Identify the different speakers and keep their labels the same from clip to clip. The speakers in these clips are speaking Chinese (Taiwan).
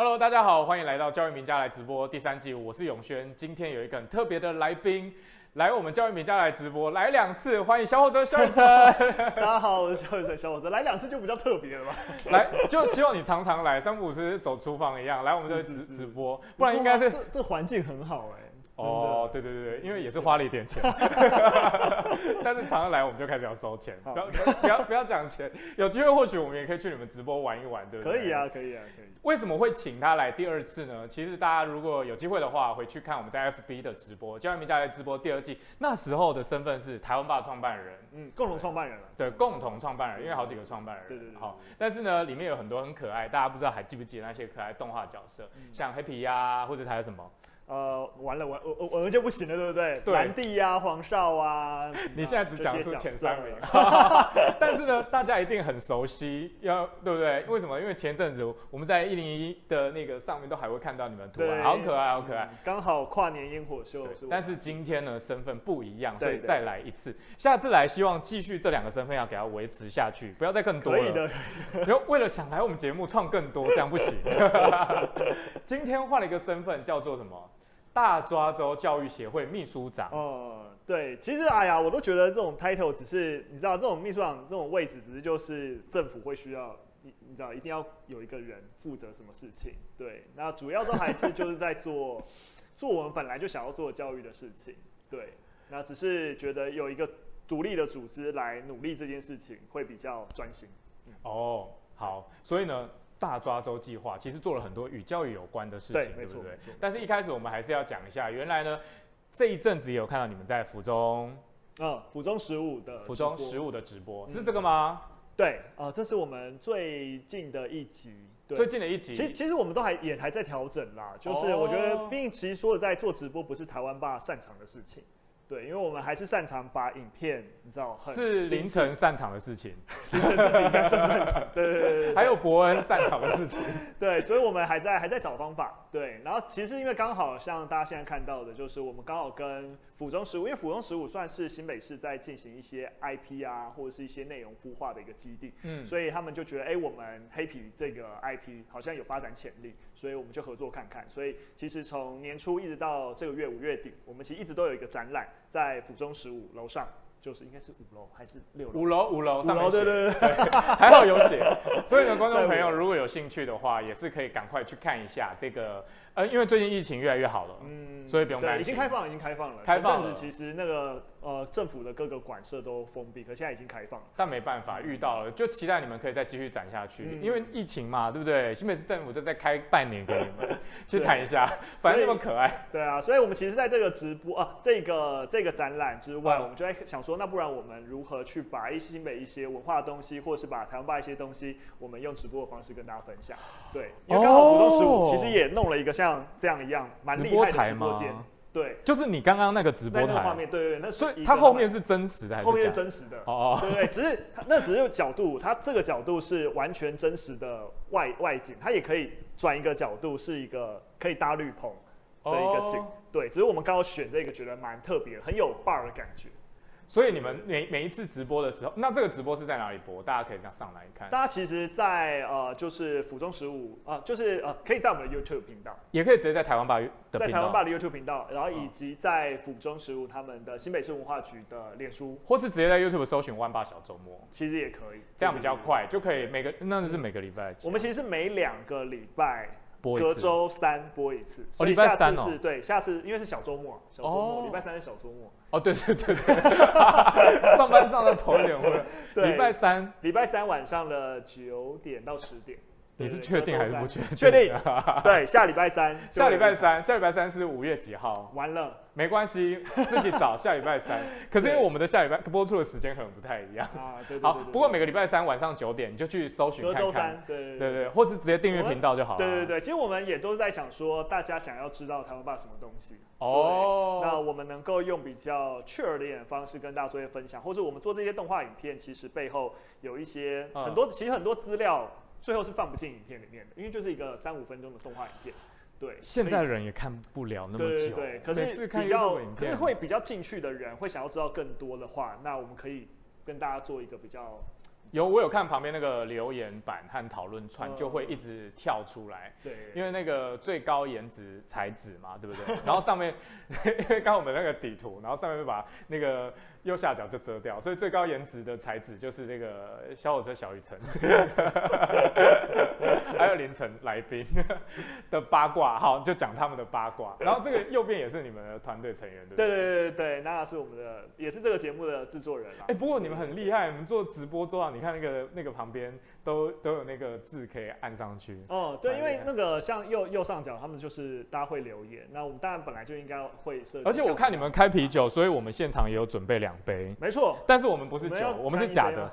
Speaker 1: Hello，大家好，歡迎來到教育名家來直播第三季，我是永軒。今天有一個很特別的來賓來我們教育名家來直播，來兩次，歡迎蕭宇辰，蕭宇辰。
Speaker 2: 大家好，我是蕭宇辰，蕭宇辰。 來兩次就比較特別了吧？ 來，
Speaker 1: 就希望你常常來，三不五時走廚房一樣，來我們這直直播，是是是，不然應該是這，
Speaker 2: 這環境很好哎、欸。哦，oh, 的
Speaker 1: 對對對，因為也是花了一點錢，
Speaker 2: 但是
Speaker 1: 常常來，來我們就開始要收錢， 好不要不要不要，不要講錢，有機會或許我們也可以去你們直播玩一玩，對不對？可以啊，可以啊，
Speaker 2: 可以。
Speaker 1: 為什麼會請他來第二次呢？其實大家如果有機會的話，回去看我們在 FB 的直播《姜明家》的直播第二季，那時候的身份是臺灣吧創辦人，嗯，共同創辦人了、啊。對，共同創辦人，因為好幾個創辦人。對，對對對，好。但是呢，裡面有很多很可愛，大家不知道還記不記得那些可愛動畫的角色，嗯、像黑啤呀、啊，或者還有什麼？
Speaker 2: 呃，完了，我我我們就不行了，對不對？藍地呀，黃紹啊，你現在只講出前三名，
Speaker 1: 但是呢，大家一定很熟悉，要對不對？為什麼？因為前陣子我們在一零一的那個上面都還會看到你們圖案，好可愛，好可愛。
Speaker 2: 剛好跨年煙火秀，但是
Speaker 1: 今天呢，身份不一樣，所以再來一次。下次來，希望繼續這兩個身份要給它維持下去，不要再更多了。因為為了想來
Speaker 2: 我們節目創更多，這樣不行。
Speaker 1: 今天換了一個身份，叫做什麼？大抓周教育協會秘書長。哦、
Speaker 2: 呃，對，其實哎呀，我都覺得這種 title 只是，你知道，這種秘書長這種位置，只是就是政府會需要，你你知道，一定要有一個人負責什麼事情。對，那主要都還是就是在做， 做我們本來就想要做的教育的事情。對，那只是覺得有一個獨立的組織來努力這件事情會比較專心。嗯、
Speaker 1: 哦，好，所以呢。大抓周計劃其實做了很多與教育有關的事情，對，對不對？但是，一開始我們還是要講一下，原來呢，這一陣子也有看到你們在府中，嗯，
Speaker 2: 府中十五的府中十五的
Speaker 1: 直播，直播嗯、是這個
Speaker 2: 嗎？對，啊、呃，這是我們最近的一集，對，最近的一集。其實，其實我們都還也還在調整啦，就是我覺得，哦、畢竟，其實說的在做直播不是臺灣吧擅長的事情。對，因為我們還是擅長把影片，你知道，很是凌
Speaker 1: 晨擅長的事情，凌晨事情該是擅長 對對對，對，還有博恩擅長的事情。
Speaker 2: 對，所以我們還在還在找方法。對，然後其實因為剛好像大家現在看到的，就是我們剛好跟府中十五，因為府中十五算是新北市在進行一些 IP 啊，或者是一些內容孵化的一個基地。嗯，所以他們就覺得，哎、欸，我們黑皮這個 IP 好像有發展潛力，所以我們就合作看看。所以其實從年初一直到這個月五月底，我們其實一直都有一個展覽。在府中十五樓上，就是應該是五樓還是六樓？五樓五樓上面，對對對， 對， 還好有寫。 所以呢，觀眾朋友
Speaker 1: 如果有興趣的話，也是可以趕快去看一下這個。呃、因為最近疫情越來越好了，嗯，所以不用擔心，已經開放，
Speaker 2: 已經開放了。已經開放子其實那個呃，政府的各個館舍都封閉，可現在已經開放
Speaker 1: 了。但沒辦法，遇到了、嗯、就期待你們可以再繼續展下去，嗯、因為疫情嘛，對不對？新北市政府就在開半年給你們、嗯、去談一下，對反正那麼可愛。
Speaker 2: 對啊，所以我們其實在這個直播啊，這個這個展覽之外，嗯、我們就在想說，那不然我們如何去把新北一些文化的東西，或是把臺灣吧一些東西，我們用直播的方式跟大家分享？對，因為剛好服裝十五其實也弄了一個像。像這樣一樣，蠻厲害的直播間，直播台嗎？對，
Speaker 1: 就是你剛剛那個直播台畫、那個、面，
Speaker 2: 對對、對，那他所以它後面是
Speaker 1: 真實的還是假的？後面是真實的，
Speaker 2: 哦、哦，對、對對，只是那只是角度，它 這個角度是完全真實的外外景，它也可以轉一個角度，是一個可以搭綠棚
Speaker 1: 的一個景，哦、
Speaker 2: 對，只是我們剛剛選這個，覺得蠻特別，很有 bar 的感覺。所以你們
Speaker 1: 每每一次直播的時候，那這個直播是在哪裡播？大家可以這樣上來看。大
Speaker 2: 家其實在，在呃，就是府中十五，呃，就是呃，可以在我們的 YouTube 頻道，
Speaker 1: 也可以直接在台灣吧的在台灣吧的
Speaker 2: YouTube 頻道，然後以及在府中十五他們的新北市文化局的臉書，嗯，或是
Speaker 1: 直接在 YouTube 搜尋“灣吧小周末”，其實也可以，這樣比較快，對對對對，就可以每個，對那就是每個禮拜。
Speaker 2: 我們其實是每兩個禮拜。播隔週三播一次，所以下次是哦，禮拜三哦，對，下次因為是小周末，小周末，哦、禮拜三是小周末，哦，
Speaker 1: 對對對對， 上班上的頭有點昏，對，禮拜三，
Speaker 2: 禮拜三晚上的九點到十點。
Speaker 1: 你是確定還是不確定？確定對，下禮拜三，下禮拜
Speaker 2: 三，下禮拜三是
Speaker 1: 五月幾號？完了，沒關係，自己找下禮拜三。可是因為我們的下禮拜播出的時間可能不太一樣啊。好，不過每個禮拜三晚上九點你就去搜尋看看。隔週三，對對對，或是直接訂閱頻道就好。對
Speaker 2: 對對，其實我們也都在想說，大家想要知道臺灣吧什麼東西哦，那我們能夠用比較確認的方式跟大家做分享，或是我們做這些動畫影片，其實背後有一些很多，其實很多資料。最後是放不進影片裡面的，因為就是一個三五分鐘的動畫影片，對。現在
Speaker 1: 人也看不了那麼久。對,對,對,對，可是比較，影片可是會
Speaker 2: 比較進去的人會想要知道更多的話，那我們可以跟大家做一個比較。
Speaker 1: 有，我有看旁邊那個留言板和討論串，就會一直跳出來。呃、對,對,對。因為那個最高顏值才子嘛，對不對？然後上面， 因為剛我們那個底圖，然後上面會把那個。右下角就遮掉，所以最高顏值的材質就是那個小火車蕭宇辰， 還有凌晨來賓的八卦，好，就講他們的八卦。然後這個右邊也是你們的團隊成員，對。 就是、
Speaker 2: 對對對對，娜娜是我們的，也是這個節目的製作人。哎、
Speaker 1: 欸，不過你們很厲害，你們做直播做到你看那個那個旁邊。都都有那個字可以按上去。
Speaker 2: 哦，對，因為那個像右右上角，他們就是大家會留言。那我們當然本來就應該會設計。而且我看
Speaker 1: 你們開啤酒，所以我們現場也有準備兩杯。沒錯，但是我
Speaker 2: 們不是酒，我們是假的。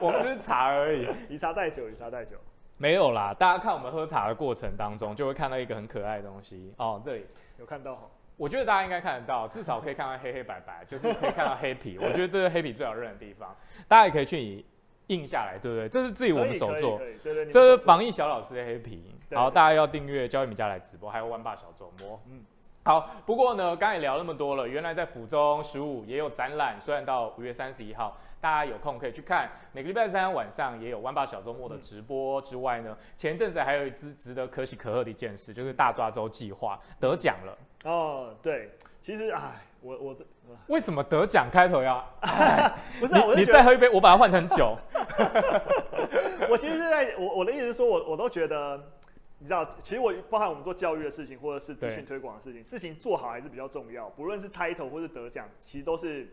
Speaker 2: 我們是茶而已，以茶代酒，以茶代酒。
Speaker 1: 沒有啦，大家看我們喝茶的過程當中，就會看到一個很可愛的東西哦。這裡有看到。我覺得大家應該看得到，至少可以看到黑黑白白，就是可以看到黑皮。我覺得這是黑皮最好認的地方，大家也可以去。印下來，對不對？這是自己我們手作對對們
Speaker 2: 手做，這是防疫
Speaker 1: 小老師的黑皮。對好，對大家要訂閱教育名家來直播，還有灣吧小週末。嗯，好。不過呢，剛也聊那麼多了，原來在府中十五也有展覽，雖然到五月三十一號，大家有空可以去看。每個禮拜三晚上也有灣吧小週末的直播之外呢，嗯、前陣子還有一支值得可喜可賀的一件事，就是大抓周計劃得獎了。
Speaker 2: 哦，對，其實唉，我我。
Speaker 1: 為什麼得獎開頭呀？
Speaker 2: 不是、啊、你，是你再喝
Speaker 1: 一杯，我把它換成酒。
Speaker 2: 我其實是在我我的意思是說，我我都覺得，你知道，其實我包含我們做教育的事情，或者是資訊推廣的事情，對事情做好還是比較重要。不論是 title 或是得獎，其實都是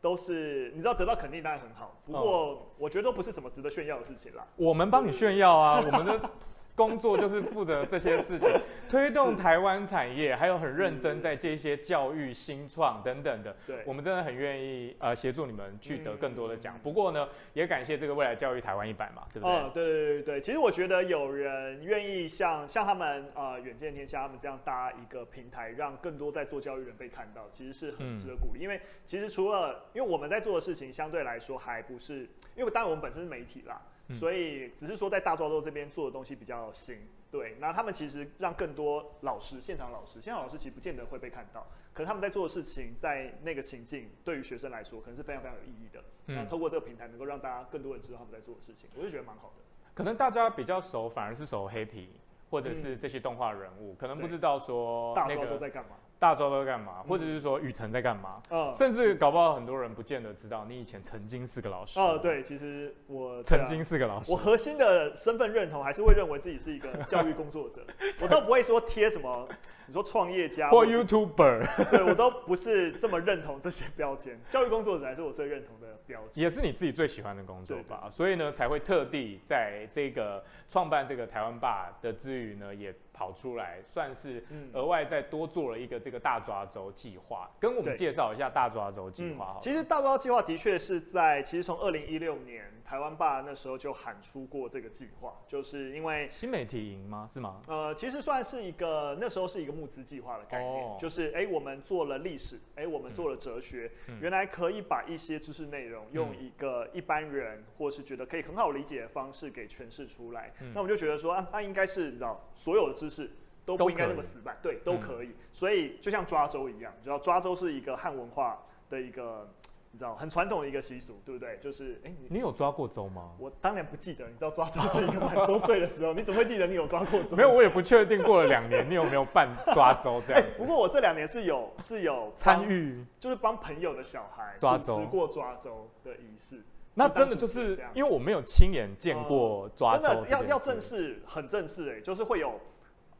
Speaker 2: 都是你知道得到肯定當然很好，不過我覺得都不是什麼值得炫耀的事情啦。嗯、
Speaker 1: 對我們幫你炫耀啊，我們的。 工
Speaker 2: 作就是負責這些事情， 推動台灣產
Speaker 1: 業，是還有很認真在接一些教育新創等等的。對，我們真的很願意呃協助你們去得更多的獎。嗯、不過呢，也感謝這個未來教育台灣一百嘛，對不對、哦？
Speaker 2: 對對對對。其實我覺得有人願意像像他們呃遠見天下他們這樣搭一個平台，讓更多在做教育人被看到，其實是很值得鼓勵。嗯、因為其實除了因為我們在做的事情相對來說還不是，因為當然我們本身是媒體啦。嗯、所以只是說在大抓周這邊做的東西比較新，對。那他們其實讓更多老師，現場老師，現場老師其實不見得會被看到，可能他們在做的事情，在那個情境對於學生來說，可能是非常非常有意義的。那、嗯、透過這個平台，能夠讓大家更多人知道他們在做的事情，嗯、我就覺得蠻好的。
Speaker 1: 可能大家比較熟，反而是熟黑皮或者是這些動畫人物，可能不知道說、那個嗯、大抓周在幹嘛。大抓都在幹嘛？或者是說宇辰在幹嘛？嗯呃、甚至搞不好很多人不見得知道你以前曾經是個老師。哦、呃，
Speaker 2: 對，其實我、啊、曾經是個老師。我核心的身份認同還是會認為自己是一個教育工作者， 我倒不會說貼什麼 你說創業家或，或 YouTuber， 對我都不是這麼認同這些標籤。教育工作者還是我最認同的標籤，也是你自己最
Speaker 1: 喜歡的工作吧？對對對。所以呢，才會特地在這個創辦這個臺灣吧的之餘呢，也。跑出來算是額外再多做了一個這個大抓周計劃，嗯、跟我們介紹一下大抓周計劃。好，其
Speaker 2: 實大抓周計劃的確是在其實從二零一六年台灣吧那時候就喊出過這個計劃，就是因為新媒體營嗎？是嗎？呃，其實算是一個那時候是一個募資計劃的概念，oh. 就是哎、欸，我們做了歷史，哎、欸，我們做了哲學，嗯、原來可以把一些知識內容用一個一般人或是覺得可以很好理解的方式給詮釋出來，嗯、那我們就覺得說啊，那、啊、應該是你知道所有的知識就是都不應該那麼死板，對，都可以。嗯、所以就像抓周一樣，你知道抓周是一個漢文化的一個，你知道很傳統的一個習俗，對不對？就是，哎、欸，你，你
Speaker 1: 有抓過周嗎？
Speaker 2: 我當然不記得，你知道抓周是一個滿周歲的時候， 你怎麼會記得你有抓過周？
Speaker 1: 沒有，我也不確定。過了兩年， 你有沒有辦抓周這樣、欸？
Speaker 2: 不過我這兩年是有是有參與，與就是幫朋友的小孩抓周，過抓周的儀式。州那真的就是因為我
Speaker 1: 沒有親眼見過抓周、嗯，要要正
Speaker 2: 式，很正式、欸，哎，就是會有。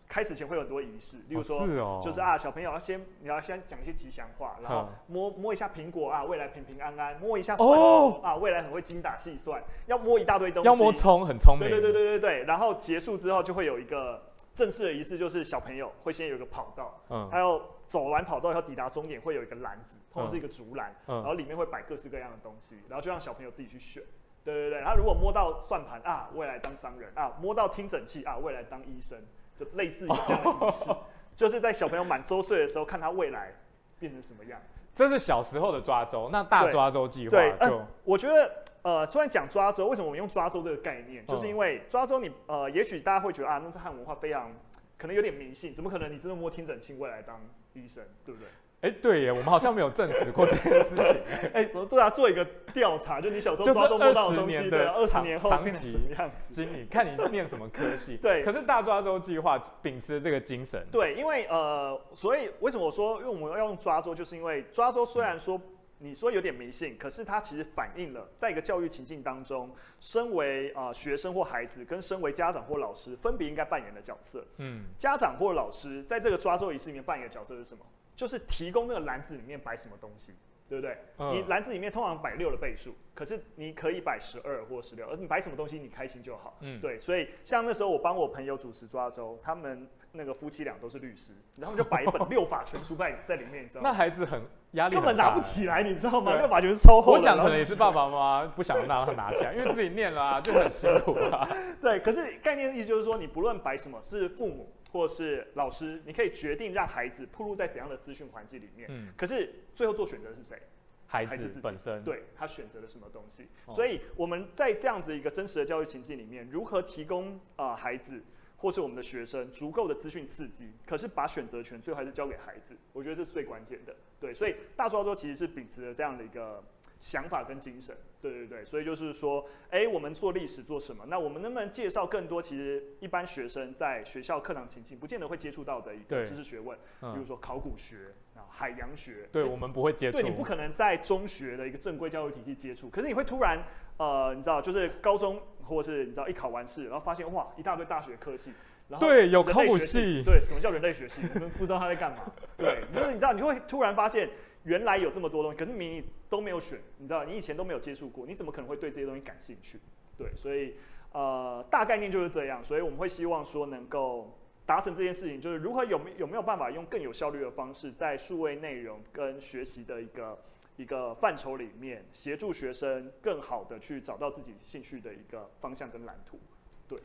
Speaker 2: 開始前會有很多儀式，例如說，哦是哦、就是啊，小朋友要先你要先講一些吉祥話，然後摸摸一下蘋果啊，未來平平安安；摸一下手、哦、啊，未來很會精打細算；要摸一大堆東西，要摸蔥很聰明。對對對對對，然後結束之後就會有一個正式的儀式，就是小朋友會先有一個跑道，他要、嗯、走完跑道要抵達終點，會有一個籃子，或者是一個竹籃，嗯、然後裡面會擺各式各樣的東西，然後就讓小朋友自己去選。對對對、對，然後如果摸到算盤啊，未來當商人啊；摸到聽診器啊，未來當醫生。就類似於這樣的模式， 就是在小朋友滿周歲的時候，看他未來變成什麼樣
Speaker 1: 子。這是小時候的抓周，那大抓周計劃。對，呃、
Speaker 2: 就我覺得，呃，雖然講抓周，為什麼我們用抓周這個概念？嗯、就是因為抓周，你呃，也許大家會覺得啊，那是漢文化非常，可能有點迷信，怎麼可能？你是摸聽診器，未來當醫生，對不對？
Speaker 1: 哎、欸，對耶，我們好像沒有證實過這件事情。
Speaker 2: 哎、 欸，我對要、啊、做一個調查，就是、你小時候抓周摸到的東西對二、啊、十年後長期，
Speaker 1: 怎樣？經理，看你念什麼科系？ 對，可是大抓周計劃秉持這個精神。
Speaker 2: 對，因為呃，所以為什麼我說，因為我們要用抓周，就是因為抓周雖然說你說有點迷信，可是它其實反映了在一個教育情境當中，身為啊、呃、學生或孩子，跟身為家長或老師，分別應該扮演的角色。嗯，家長或老師在這個抓周儀式裡面扮演的角色是什麼？就是提供那個籃子裡面擺什麼東西，對不對？嗯，你籃子裡面通常擺六的倍數，可是你可以擺十二或十六，而你擺什麼東西你開心就好。嗯，對，所以像那時候我幫我朋友主持抓周，他們那個夫妻倆都是律師，然後就擺一本《六法全書》在在裡面，呵呵你知道嗎？那孩子很壓力很大，根本拿不起來，你知道嗎？對《六法全書》超厚，我想可能也是爸
Speaker 1: 爸媽媽不想讓他拿起來， 因為自己念了啊，就很辛苦
Speaker 2: 啊。對，可是概念的意思就是說，你不論擺什麼，是父母，或是老師，你可以決定讓孩子曝露在怎樣的資訊環境裡面。嗯，可是最後做選擇的是誰？
Speaker 1: 孩子，孩子自己。本身，對，
Speaker 2: 他選擇了什麼東西？哦、所以我們在這樣子一個真實的教育情境裡面，如何提供啊、呃、孩子，或是我們的學生足夠的資訊刺激？可是把選擇權，最後還是交給孩子，我覺得這是最關鍵的。對，所以大抓周其實是秉持着這樣的一個想法跟精神。對對對，所以就是說，哎，我們做歷史做什麼？那我們能不能介紹更多，其實一般學生在學校課堂情境不見得會接觸到的一個知識學問，嗯、比如說考古學然後海洋學。對，對我們不會接觸。對，你不可能在中學的一個正規教育體系接觸，可是你會突然呃，你知道，就是高中或者是你知道一考完試，然後發現哇，一大堆大學科系，然後人類學系，對，有考古系，對，什麼叫人類學系？我 們不知道他在幹嘛。對，就是你知道，你就會突然發現。原來有這麼多東西，可是你都沒有選，你知道，你以前都沒有接觸過，你怎麼可能會對這些東西感興趣？對，所以，呃，大概念就是這樣。所以我們會希望說，能夠達成這件事情，就是如何有沒有沒有辦法用更有效率的方式，在數位內容跟學習的一個一個範疇裡面，協助學生更好的去找到自己興趣的一個方向跟藍圖。對，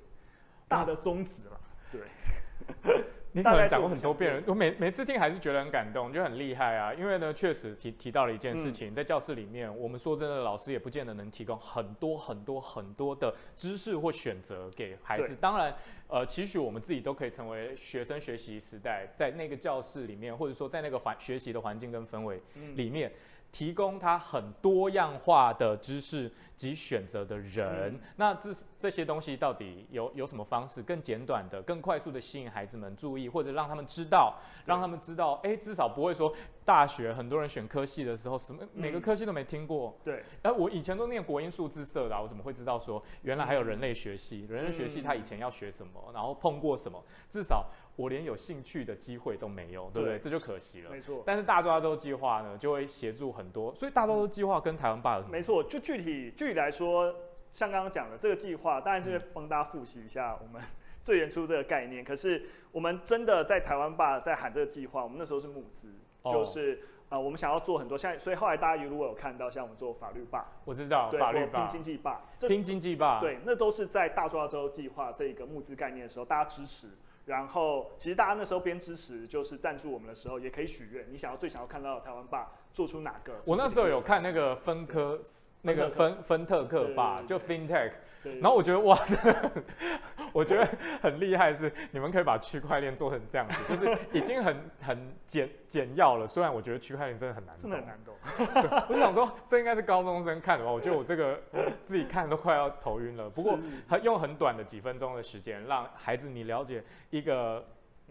Speaker 1: 大的宗旨了。嗯，對。 你可能講過很多遍了，我每每次聽還是覺得很感動，就很厲害啊！因為呢，確實提提到了一件事情，嗯、在教室裡面，我們說真的，老師也不見得能提供很多很多很多的知識或選擇給孩子。對當然，呃，期許我們自己都可以成為學生學習時代，在那個教室裡面，或者說在那個環學習的環境跟氛圍裡面。嗯提供他很多樣化的知識及選擇的人，嗯、那這這些東西到底有有什麼方式更簡短的、更快速的吸引孩子們注意，或者讓他們知道，對讓他們知道，哎，至少不會說大學很多人選科系的時候，什麼每個科系都沒聽過。對、嗯，誒，我以前都念國英數自社的、啊，我怎麼會知道說原來還有人類學系？人類學系他以前要學什麼，然後碰過什麼，至少。我連有興趣的機會都沒有，對不對？對，這
Speaker 2: 就可惜了。沒錯。但是大抓周計劃呢，就會協助很多，所以大抓周計劃跟臺灣吧有什沒錯，就具體具體來說，像剛剛講的這個計劃，當然就是幫大家複習一下我們最原初這個概念。嗯、可是我們真的在臺灣吧在喊這個計劃，我們那時候是募資，哦、就是啊、呃，我們想要做很多像，所以後來大家如果有看到像我們做法律吧，
Speaker 1: 我知道對法律吧、拼經濟
Speaker 2: 吧、拼經
Speaker 1: 濟吧，對，
Speaker 2: 那都是在大抓周計劃這一個募資概念的時候，大家支持。然後，其實大家那時候編支持，就是贊助我們的時候，也可以許願，你想要最想要看到的臺灣吧做出哪個？我那時候有
Speaker 1: 看那個分科。那個芬芬特，特克吧，對對對，就 FinTech，然後我覺得哇，我覺得很厲害是，對你們可以把區塊鏈做成這樣子，就是已經很很簡簡要了。雖然我覺得區塊鏈真的很難懂，真的很難 我是想說，這應該是高中生看的吧？我覺得我這個對我自己看都快要頭暈了。不過是是是是用很短的幾分鐘的時間，讓孩子你了解一個。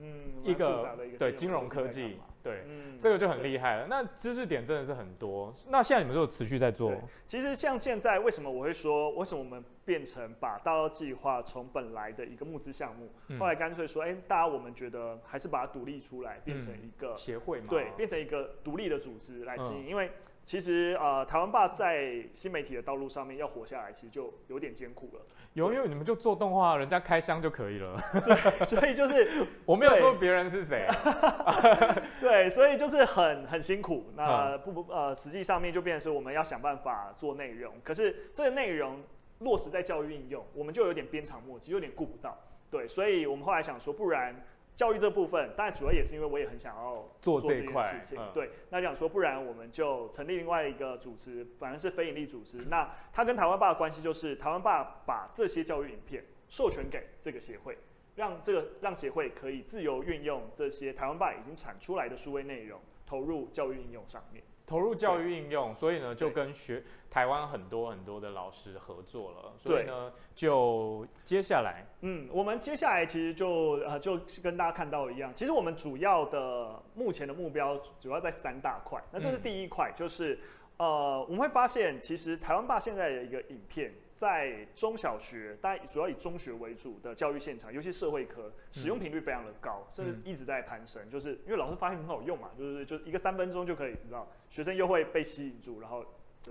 Speaker 1: 嗯，一個，一個對金融科技，嘛
Speaker 2: 對，嗯、這個就
Speaker 1: 很厲害了。對那知識點真的是很多。那現在你們都有持續在做？
Speaker 2: 其實像現在，為什麼我會說，為什麼我們變成把大刀計劃，從本來的一個募資項目，嗯、後來乾脆說，哎，大家我們覺得還是把它獨立出來，變成一個、嗯、協會嘛？對，變成一個獨立的組織來經營，嗯、因為。其實、呃、臺灣吧在新媒體的道路上面要活下來，其實就有點艱苦了。
Speaker 1: 有，因為對你們就做動畫，人家開箱就可以了。 對，所以就是我沒有說別人是誰、
Speaker 2: 啊。 對，所以就是很很辛苦。那不不呃，實際上面就變成是我們要想辦法做內容，可是這個內容落實在教育應用，我們就有點鞭長莫及，有點顧不到。對，所以我們後來想說，不然。教育這部分，當然主要也是因為我也很想要做這一塊事情。這嗯、對，那講說不然我們就成立另外一個組織，反正是非營利組織。那他跟臺灣吧的關係就是，臺灣吧把這些教育影片授權給這個協會，讓這個讓協會可以自由運用這些臺灣吧已經產出來的數位內容，投入教育應用上面。
Speaker 1: 投入教育應用，對所以呢就跟學台灣很多很多的老師合作了，對所以呢就接下來，嗯，
Speaker 2: 我們接下來其實就呃就跟大家看到一樣，其實我們主要的目前的目標主要在三大塊，那這是第一塊，嗯，就是。呃，我們會發現，其實《臺灣吧》現在的一個影片，在中小學，但主要以中學為主的教育現場，尤其社會科，使用頻率非常的高，嗯、甚至一直在攀升，就是因為老師發現很好用嘛，就是就一個三分鐘就可以，你知道，學生又會被吸引住，然後。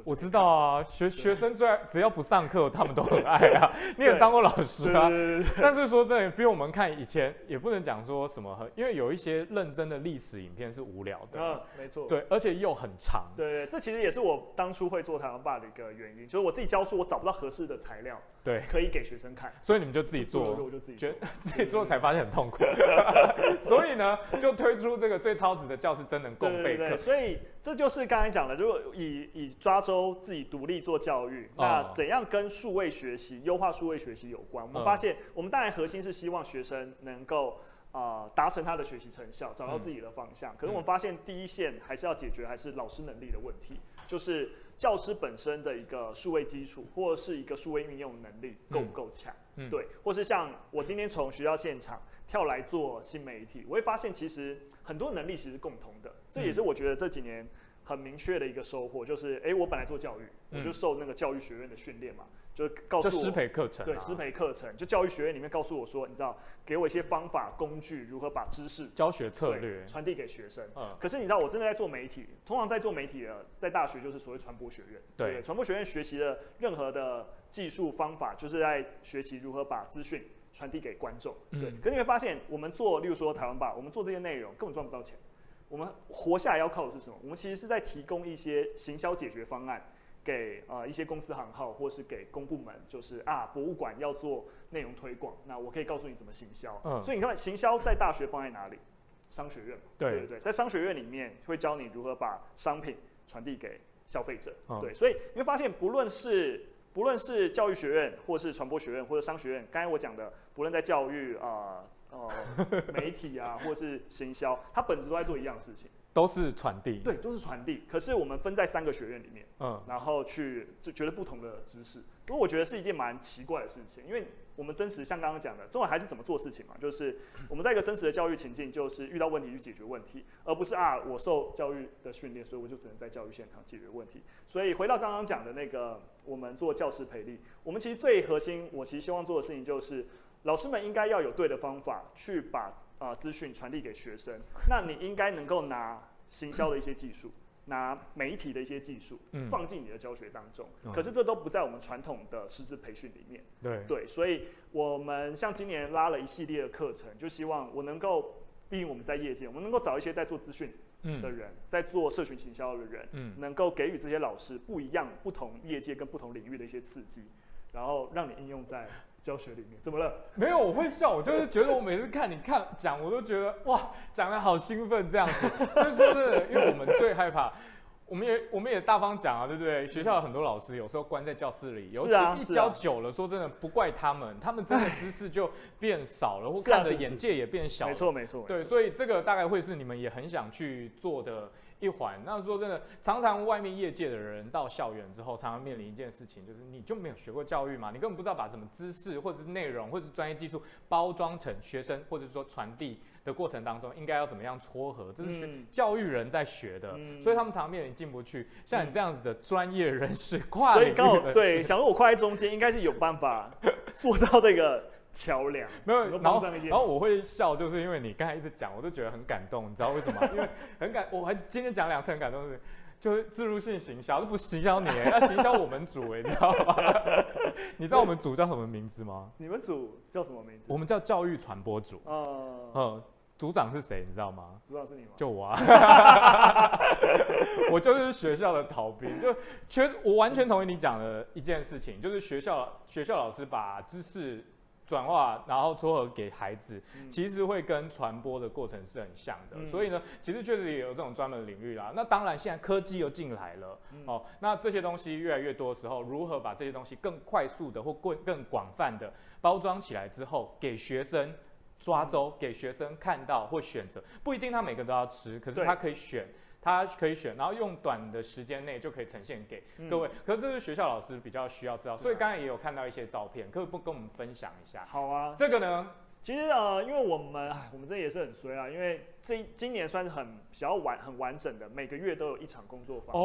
Speaker 2: 我知
Speaker 1: 道啊，學對學生最愛，只要不上課，他們都很愛啊。對你也當過老師啊，對對對對，但是說真的，比我們看以前也不能講說什麼很，因為有一些認真的歷史影片是無聊的，嗯、啊，沒錯，對，而且又很長，
Speaker 2: 對，對，對，這其實也是我當初會做台灣吧的一個原因，就是我自己教書，我找不到合適的材料。對，可以給學生看，
Speaker 1: 所以你們就自己做，我就，就自己覺自己做才發現很痛苦，所
Speaker 2: 以呢，就推出這個
Speaker 1: 最超值的教師真能共備課。對，對，對，對，所
Speaker 2: 以這就是剛才講的，如果以以抓周自己獨立做教育，哦、那怎樣跟數位學習、優化數位學習有關？我們發現，嗯、我們當然核心是希望學生能夠啊達成他的學習成效，找到自己的方向。嗯、可是我們發現第一線還是要解決還是老師能力的問題，就是。教師本身的一個數位基礎，或者是一個數位運用能力夠不夠強？嗯嗯、對，或是像我今天從學校現場跳來做新媒體，我會發現其實很多能力其實是共同的，這也是我覺得這幾年很明確的一個收穫，就是哎，我本來做教育，我就受那個教育學院的訓練嘛。嗯嗯就告訴就師培課程，啊、對，師培課程，就教育學院裡面告訴我說，你知道，給我一些方法工具，如何把知識
Speaker 1: 教學策略傳
Speaker 2: 遞給學生。嗯，可是你知道，我真的在做媒體，通常在做媒體的，在大學就是所謂傳播學院。對，傳播學院學習的任何的技術方法，就是在學習如何把資訊傳遞給觀眾。嗯、對，可是你會發現，我們做，例如說台灣吧，我們做這些內容根本賺不到錢。我們活下來要靠的是什麼？我們其實是在提供一些行銷解決方案。給啊、呃、一些公司行號，或是給公部門，就是啊博物館要做內容推廣，那我可以告訴你怎麼行銷。嗯，所以你看，行銷在大學放在哪裡？商學院。對對對，在商學院裡面會教你如何把商品傳遞給消費者。嗯，對，所以你會發現，不論是不論是教育學院，或是傳播學院，或者商學院，剛才我講的，不論在教育啊、哦、呃呃、媒體啊， 或是行銷，它本質都在做一樣的事情。
Speaker 1: 都是傳遞，對，
Speaker 2: 都是傳遞。可是我們分在三個學院裡面，嗯，然後去就覺得不同的知識。不過我覺得是一件蠻奇怪的事情，因為我們真實像剛剛講的，重要還是怎麼做事情嘛，就是我們在一個真實的教育情境，就是遇到問題去解決問題，而不是啊，我受教育的訓練，所以我就只能在教育現場解決問題。所以回到剛剛講的那個，我們做教師培力，我們其實最核心，我其實希望做的事情就是，老師們應該要有對的方法去把。啊，資訊傳遞給學生，那你應該能夠拿行銷的一些技術， 拿媒體的一些技術，嗯、放進你的教學當中。嗯、可是這都不在我們傳統的師資培訓裡面。對對，所以我們像今年拉了一系列的課程，就希望我能夠，畢竟我們在業界，我們能夠找一些在做資訊的人，嗯、在做社群行銷的人，嗯、能夠給予這些老師不一樣、不同業界跟不同領域的一些刺激，然後讓你應用在。教學裡面怎麼了？沒有，我會笑，我就是覺得我每次看你看講，我都覺得哇，講的好興奮這樣
Speaker 1: 子， 就是說因為我們最害怕，我們也我們也大方講啊，對不對？學校有很多老師，有時候關在教室裡，啊、尤其一教久了，啊、說真的不怪他們，他們真的知識就變少了，啊、或看的眼界也變小，沒錯沒錯，對，錯所以這個大概會是你們也很想去做的一環，那說真的，常常外面業界的人到校園之後，常常面臨一件事情，就是你就沒有學過教育嘛，你根本不知道把什麼知識或者是內容或者是專業技術包裝成學生或者是說傳遞的過程當中，應該要怎麼樣撮合，這是教育人在學的，嗯、所以他們常常面臨進不去。像你這樣子的專業人
Speaker 2: 士、嗯、跨領域人士，所以剛好對， 想說我跨在中間，應該是有辦法做到這個。橋
Speaker 1: 梁沒有，然後然後我會笑，就是因為你剛才一直講，我就覺得很感動，你知道為什麼？因為很感，我還今天講兩次很感動是，就是置入性行銷，這不是行銷你，要行銷我們組，你知道嗎？你知道我們組叫什麼名字嗎？你們組叫什麼名字？我們叫教育傳播組。哦，嗯，組長是誰？你知道嗎？組長是你嗎？就我，我就是學校的逃兵。就全我完全同意你講的一件事情，就是學校學校老師把知識。轉化，然後撮合給孩子，嗯、其實會跟傳播的過程是很像的。嗯、所以呢，其實確實也有這種專門的領域啦。那當然，現在科技又進來了、嗯、哦。那這些東西越來越多的時候，如何把這些東西更快速的或更更廣泛的包裝起來之後，給學生抓周，嗯、給學生看到或選擇，不一定他每個都要吃，可是他可以選。他可以選，然後用短的時間內就可以呈現給各位。嗯，可是這是學校老師比較需要知道，所以剛才也有看到一些照片，可不可以跟我們分享一下？好啊，
Speaker 2: 這個呢，其實，其實呃，因為我們我們這也是很衰啊，因為這今年算是很比較完很完整的，每個月都有一場工作坊哦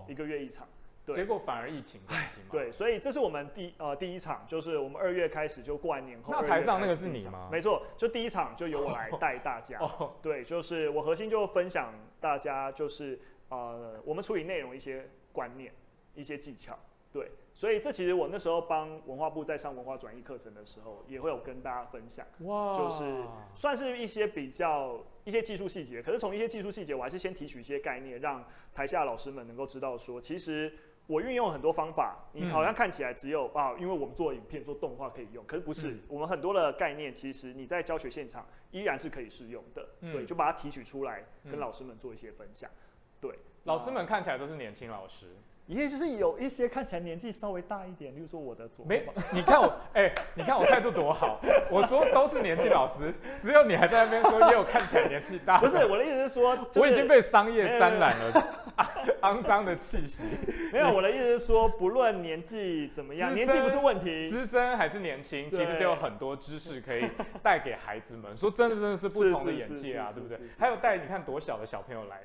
Speaker 2: ，oh. 一個月一場。對結果反而疫情，情，對，所以這是我們第呃第一場，就是我們二月開始就過完年、哦、後。那台上那個是你嗎？沒錯，就第一場就由我來帶大家。 對，就是我核心就分享大家就是呃我們處理內容一些觀念、一些技巧。對，所以這其實我那時候幫文化部在上文化轉譯課程的時候，也會有跟大家分享。哇，就是算是一些比較一些技術細節，可是從一些技術細節，我還是先提取一些概念，讓台下老師們能夠知道說，其實。我運用很多方法，你好像看起來只有、嗯、啊，因為我們做影片、做動畫可以用，可是不是，嗯、我們很多的概念其實你在教學現場依然是可以適用的，嗯、對，就把它提取出來跟老師們做一些分享，嗯、
Speaker 1: 對，嗯、老師們看起來都是年輕老師。
Speaker 2: 也，就是有一些看起來年紀稍微大一點，例如說我的左沒，
Speaker 1: 你看我哎，你看我態度多好，我說都是年紀老師，只有你還在那邊說也有看起來年紀大。不是我的
Speaker 2: 意思是說，我已經被
Speaker 1: 商業沾染了
Speaker 2: 骯髒的氣息。沒有我的意思是說，不論年紀怎麼樣，年紀不是問
Speaker 1: 題，資深還是年輕，其實都有很多知識可以帶給孩子們。說真的，真的是不同的眼界啊，對不對？還有帶你看多小的小朋友來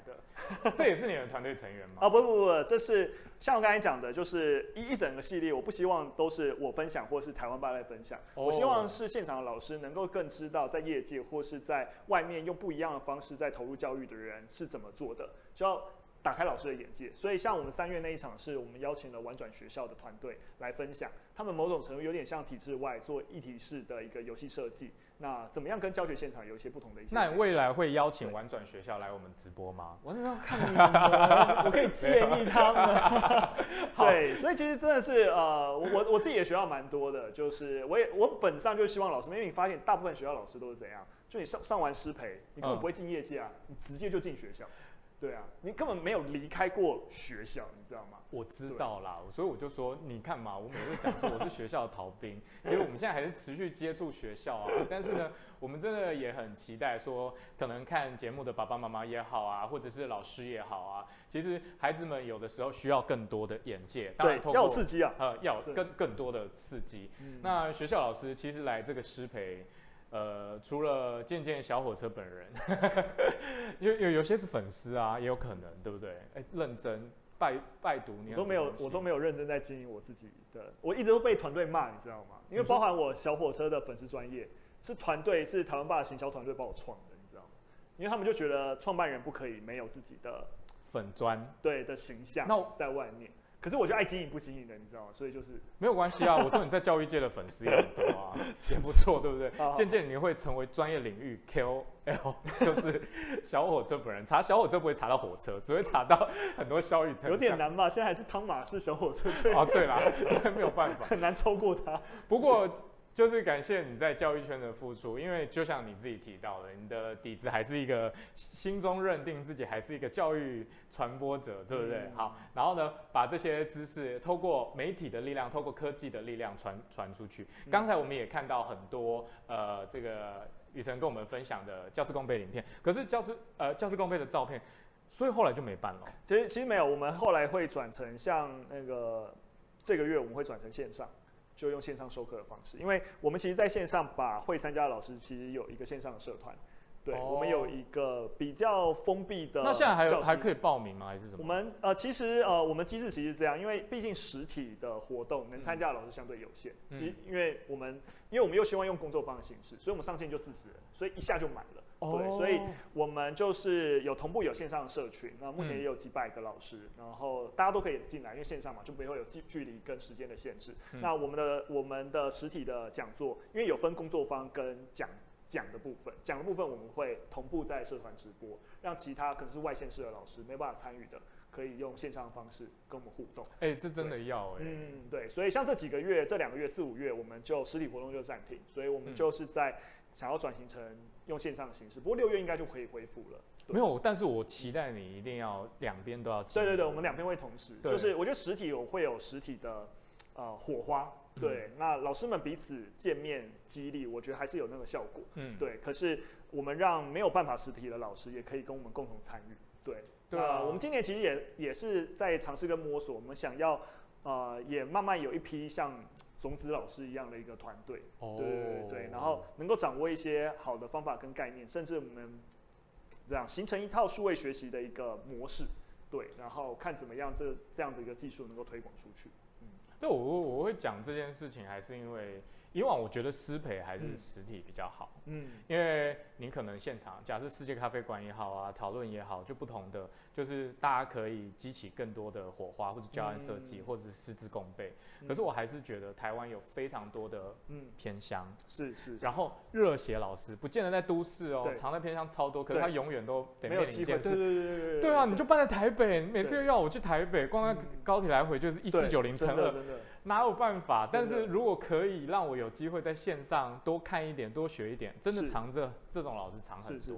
Speaker 1: 的，這也是你的團隊成員
Speaker 2: 嗎？哦，不不不，這是。像我剛才講的，就是一一整個系列，我不希望都是我分享，或是臺灣吧來分享，Oh. 我希望是現場的老師能夠更知道，在業界或是在外面用不一樣的方式在投入教育的人是怎麼做的，就要打開老師的眼界。所以像我們三月那一場，是我們邀請了玩轉學校的團隊來分享，他們某種程度有點像體制外做議題式的一個遊戲設計。那怎麼樣跟教學現場有一些不同的？一些，那你
Speaker 1: 未來會邀請玩轉學校來我們直播嗎？對我很想看你， 我可以建議他們。有 對，好所以
Speaker 2: 其實真的是呃，我我我自己也學到蠻多的，就是我也我本上就希望老師，因為你發現大部分學校老師都是怎樣？就你上上完師培，你根本不會進業界啊，嗯、你直接就進學校。對啊，你根本沒有離開過學校，你知道嗎？
Speaker 1: 我知道啦，對所以我就說，你看嘛，我每次講說我是學校的逃兵， 其實我們現在還是持續接觸學校啊。 但是呢，我們真的也很期待說，可能看節目的爸爸媽媽也好啊，或者是老師也好啊，其實孩子們有的時候需要更多的眼界，當然對，要有刺激啊，呃，要更更多的刺激。對嗯、那學校老師其實來這個師培。呃，除了見見小火車本人，因為有有，有些是粉絲啊，也有可能，對不對？哎，
Speaker 2: 認真拜拜讀，你都沒有，我都沒有，我都沒有認真在經營我自己的，我一直都被團隊罵，你知道嗎？因為包含我小火車的粉絲專頁、嗯、是團隊，是臺灣吧行銷團隊幫我創的，你知道嗎？因為他們就覺得創辦人不可以沒有自己的粉專對的形象，在外面。可是我就愛經營不經營的，你知道嗎？所以就是沒有關係啊。我說你在教育界的粉絲也很多啊， 也不錯，是是是對不對？好好漸
Speaker 1: 漸你會成為專業領域 KOL，就是小火車本人查小火車不會查到火車，只會查到很多小雨。有點難
Speaker 2: 吧？現在還是湯瑪士小火車
Speaker 1: 哦對了， 啊、對啦沒有辦法，很難超過他。不過。 就是感謝你在教育圈的付出，因為就像你自己提到的，你的底子還是一個心中認定自己還是一個教育傳播者，對不對？嗯、好，然後呢，把這些知識通過媒體的力量，通過科技的力量傳傳出去。剛才我們也看到很多呃，這個宇辰跟我們分享的教師共備影片，可是教師呃教師共備的照片，所以後來就沒辦了。其
Speaker 2: 實其實沒有，我們後來會轉成像那個這個月我們會轉成線上。就用線上授課的方式，因為我們其實在線上把會參加的老師其實有一個線上的社團。對，oh. 我們有一個比較封閉的。那現在還還可以報名嗎？還是什麼？我們呃，其實呃，我們機制其實是這樣，因為畢竟實體的活動能參加的老師相對有限。嗯、其實因為我們，因為我們又希望用工作坊的形式，所以我們上線就四十人，所以一下就滿了。Oh. 對，所以我們就是有同步有線上的社群，那目前也有幾百個老師，嗯、然後大家都可以進來，因為線上嘛，就不會有距距離跟時間的限制。嗯、那我們的我們的實體的講座，因為有分工作坊跟講。講的部分，講的部分我們會同步在社團直播，讓其他可能是外縣市的老師沒辦法參與的，可以用線上的方式跟我們互動。
Speaker 1: 誒、欸，這真的要誒、欸？
Speaker 2: 嗯，對，所以像這幾個月，這兩個月四五月，我們就實體活動就暫停，所以我們就是在想要轉型成用線上的形式。嗯、不過六月應該就可以恢復了。
Speaker 1: 沒有，但是我期待你一定要兩邊都要。嗯、對，對對對，我們兩邊會同時，對就是我
Speaker 2: 覺得實體有會有實體的呃火花。對，那老師們彼此見面激勵，我覺得還是有那個效果。嗯，對。可是我們讓沒有辦法實體的老師也可以跟我們共同參與。對，對啊。呃，我們今年其實也也是在嘗試跟摸索，我們想要呃，也慢慢有一批像種子老師一樣的一個團隊。哦。對對對。然後能夠掌握一些好的方法跟概念，甚至我們這樣形成一套數位學習的一個模式。對，然後看怎麼樣這這樣子一個技術能夠推廣出去。
Speaker 1: 對，我我會講這件事情，還是因為，以往我覺得師培還是實體比較好，嗯，嗯因為你可能現場，假設世界咖啡館也好啊，討論也好，就不同的，就是大家可以激起更多的火花，或者教案設計，嗯、或者是師資共備。嗯、可是我還是覺得台灣有非常多的偏嗯偏鄉是是，是是然後熱血老師不見得在都市哦，對藏在偏鄉超多，可是他永遠都得面臨一件事對啊，你就辦在台北，對每次又要我去台北，光對高鐵來回就是一四九零乘二。哪有辦法？但是如果可以讓我有機會在線上多看一點，多學一點，真的藏着是這種老師藏很多。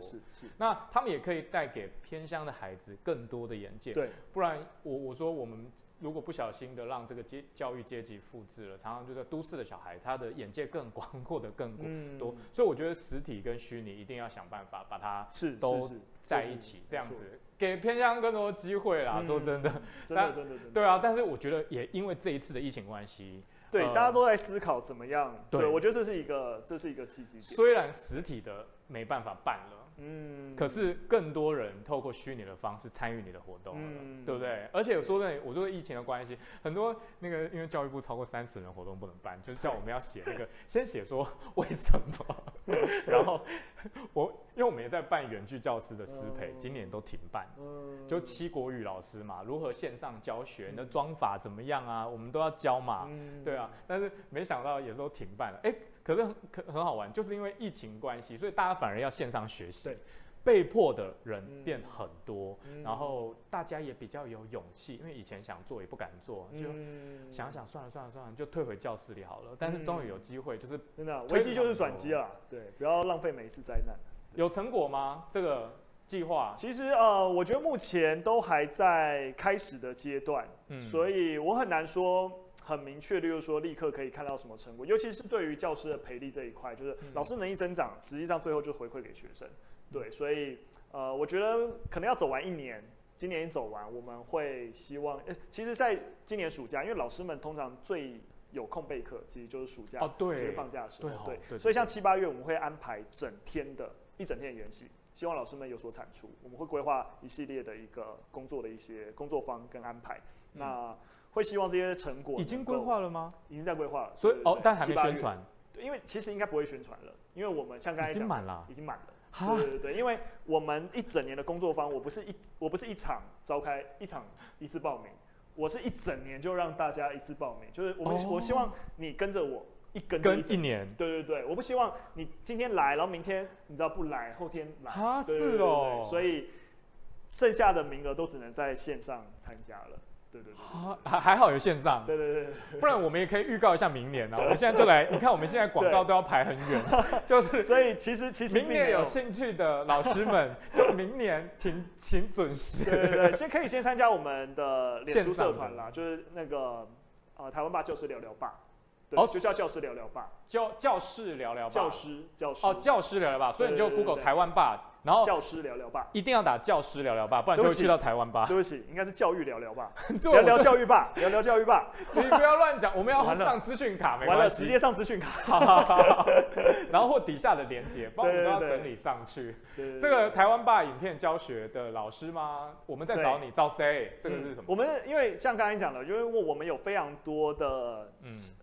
Speaker 1: 那他們也可以帶給偏鄉的孩子更多的眼界。對不然我，我我說我們如果不小心的讓這個階教育階級複製了，常常就是都市的小孩他的眼界更廣闊，的更多。嗯。所以我覺得實體跟虛擬一定要想辦法把它都在一起，這樣子。給偏向更多機會啦，說真的，真的真的對啊，但是我覺得也因為這一次的疫情關係，對，大家
Speaker 2: 都在思考怎麼樣，對，我覺得這是一個這是一個契機。雖然
Speaker 1: 實體的沒辦法辦了，嗯，可是更多人透過虛擬的方式參與你的活動，對不對？而且有說呢，我說疫情的關係，很多那個因為教育部超過三十人活動不能辦，就是叫我們要寫那個，先寫說為什麼，然後。 我因為我們也在辦遠距教師的師培，嗯、今年都停辦，嗯、就七國語老師嘛，如何線上教學，你的裝、嗯、法怎麼樣啊？我們都要教嘛，嗯、對啊，但是沒想到也是都停辦了。哎、欸，可是很可很好玩，就是因為疫情關係，所以大家反而要線上學習。被迫的人變很多，嗯、然後大家也比較有勇氣，因為以前想做也不敢做，嗯、就想想算了算了算了，就退回教室裡好了。嗯、但是終於有機會，就是真的、啊、危機就是轉機
Speaker 2: 了、啊。對，不要浪費每一次災難、啊。有成果嗎？這個計劃其實呃，我覺得目前都還在開始的階段，嗯、所以我很難說很明確的，就是說立刻可以看到什麼成果。尤其是對於教師的培力這一塊，就是老師能力增長，實際上最後就回饋給學生。對，所以，呃，我覺得可能要走完一年，今年一走完，我們會希望，呃，其實，在今年暑假，因為老師們通常最有空備課，其實就是暑假哦，對，就是放假的時候，對，對，對，對，所以，像七八月，我們會安排整天的一整天的研習，希望老師們有所產出。我們會規劃一系列的一個工作的一些工作方跟安排，嗯、那會希望這些成果已經規劃了嗎？已經在規劃了，對對所以哦，但還沒宣傳，對，因為其實應該不會宣傳了，因為我們像剛才講已經滿了，已經滿了。對對對，哈因為我們一整年的工作坊，我不是一我不是一場召開一場一次報名，我是一整年就讓大家一次報名，就是我們、哦、我希望你跟着我一，跟，着一跟一年，對對對，我不希望你今天來，然後明天你知道不來，後天來，是哦哈，所以剩下的名額都只能在線上參加了。
Speaker 1: 對對對，還還好有線上，對對對，不然我們也可以預告一下明年啊。我們現在就來，你看我們現在廣告都要排很遠，就是所以其實其實明年有興趣的老師們，就明年請請準時，先
Speaker 2: 可以先參加我們的臉書社團啦，就是那個呃臺灣吧教師聊聊吧，哦就叫教師聊聊吧，教教師聊聊，教師教師哦教師聊聊吧，所以你就 Google 臺灣
Speaker 1: 吧。然後教師聊聊吧，一定要打教師聊聊吧，不然就會去到台灣吧。對不
Speaker 2: 起，應該是教育聊聊吧，聊聊教育吧，聊聊教育吧。你不要亂講，我們要上資訊卡，沒關係，直接上資訊卡。
Speaker 1: 然後或底下的連接，幫我們都要整理上去。這個台灣吧影片教學的老
Speaker 2: 師嗎？
Speaker 1: 我們在找你，趙 C，這個是什麼？我
Speaker 2: 們因為像剛才講的，因為我們有非常多的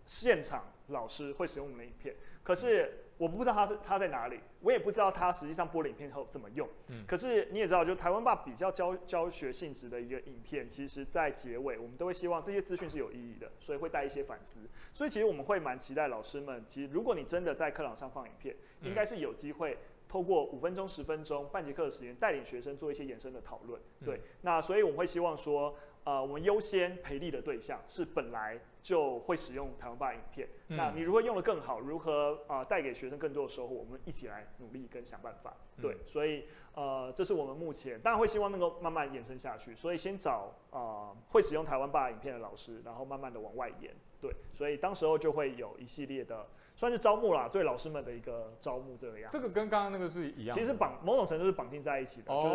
Speaker 2: 現場老師會使用我們的影片，可是。我不知道他是他在哪裡，我也不知道他實際上播了影片後怎麼用。嗯，可是你也知道，就台灣吧比較教教學性質的一個影片，其實在結尾我們都會希望這些資訊是有意義的，所以會帶一些反思。所以其實我們會蠻期待老師們，其實如果你真的在課堂上放影片，嗯、應該是有機會透過五分鐘、十分鐘、半節課的時間，帶領學生做一些延伸的討論。對，嗯、那所以我們會希望說，呃，我們優先培力的對象是本來。就會使用臺灣吧影片，嗯、那你如果用得更好？如何啊，帶、呃、給學生更多的收穫？我們一起來努力跟想辦法。嗯、對，所以呃，這是我們目前，當然會希望能夠慢慢延伸下去。所以先找啊、呃、會使用臺灣吧影片的老師，然後慢慢的往外延。對，所以當時候就會有一系列的，算是招募啦，對老師們的一個招募這個樣子。這個
Speaker 1: 跟剛剛那個是一樣，其實
Speaker 2: 綁某種程度是綁定在一起的，哦、就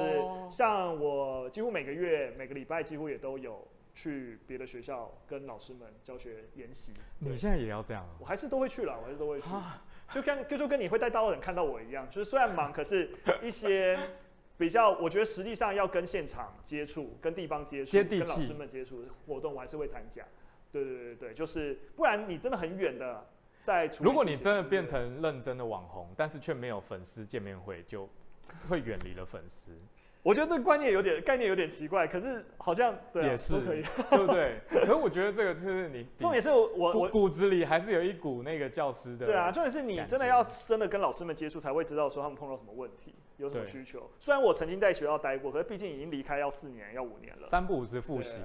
Speaker 2: 是像我幾乎每個月每個禮拜幾乎也都有。去別的學校跟老師們教學研習，
Speaker 1: 你現在也要這樣、啊？
Speaker 2: 我還是都會去了，我還是都會去，啊、就跟就跟你會帶大人看到我一樣，就是雖然忙， 可是一些比較，我覺得實際上要跟現場接觸、跟地方接觸、接地跟老師們接觸的活動，我還是會參加。對對對對對，就是不然你真的很遠的在。如果你
Speaker 1: 真的變成認真的網紅，對但是卻沒有粉絲見面會，就會遠離了粉絲。我覺得這個觀念
Speaker 2: 有點概念有點奇怪，可是好像對也是可以，對
Speaker 1: 不對？可是我覺得這個就是你
Speaker 2: 重點是我我骨
Speaker 1: 子裡還是有一股那個
Speaker 2: 教師的。對啊，重點是你真的要真的跟老師們接觸，才會知道說他們碰到什麼問題，有什麼需求。雖然我曾經在學校待過，可是畢竟已經離開要四年要五年了。
Speaker 1: 三不五時複習，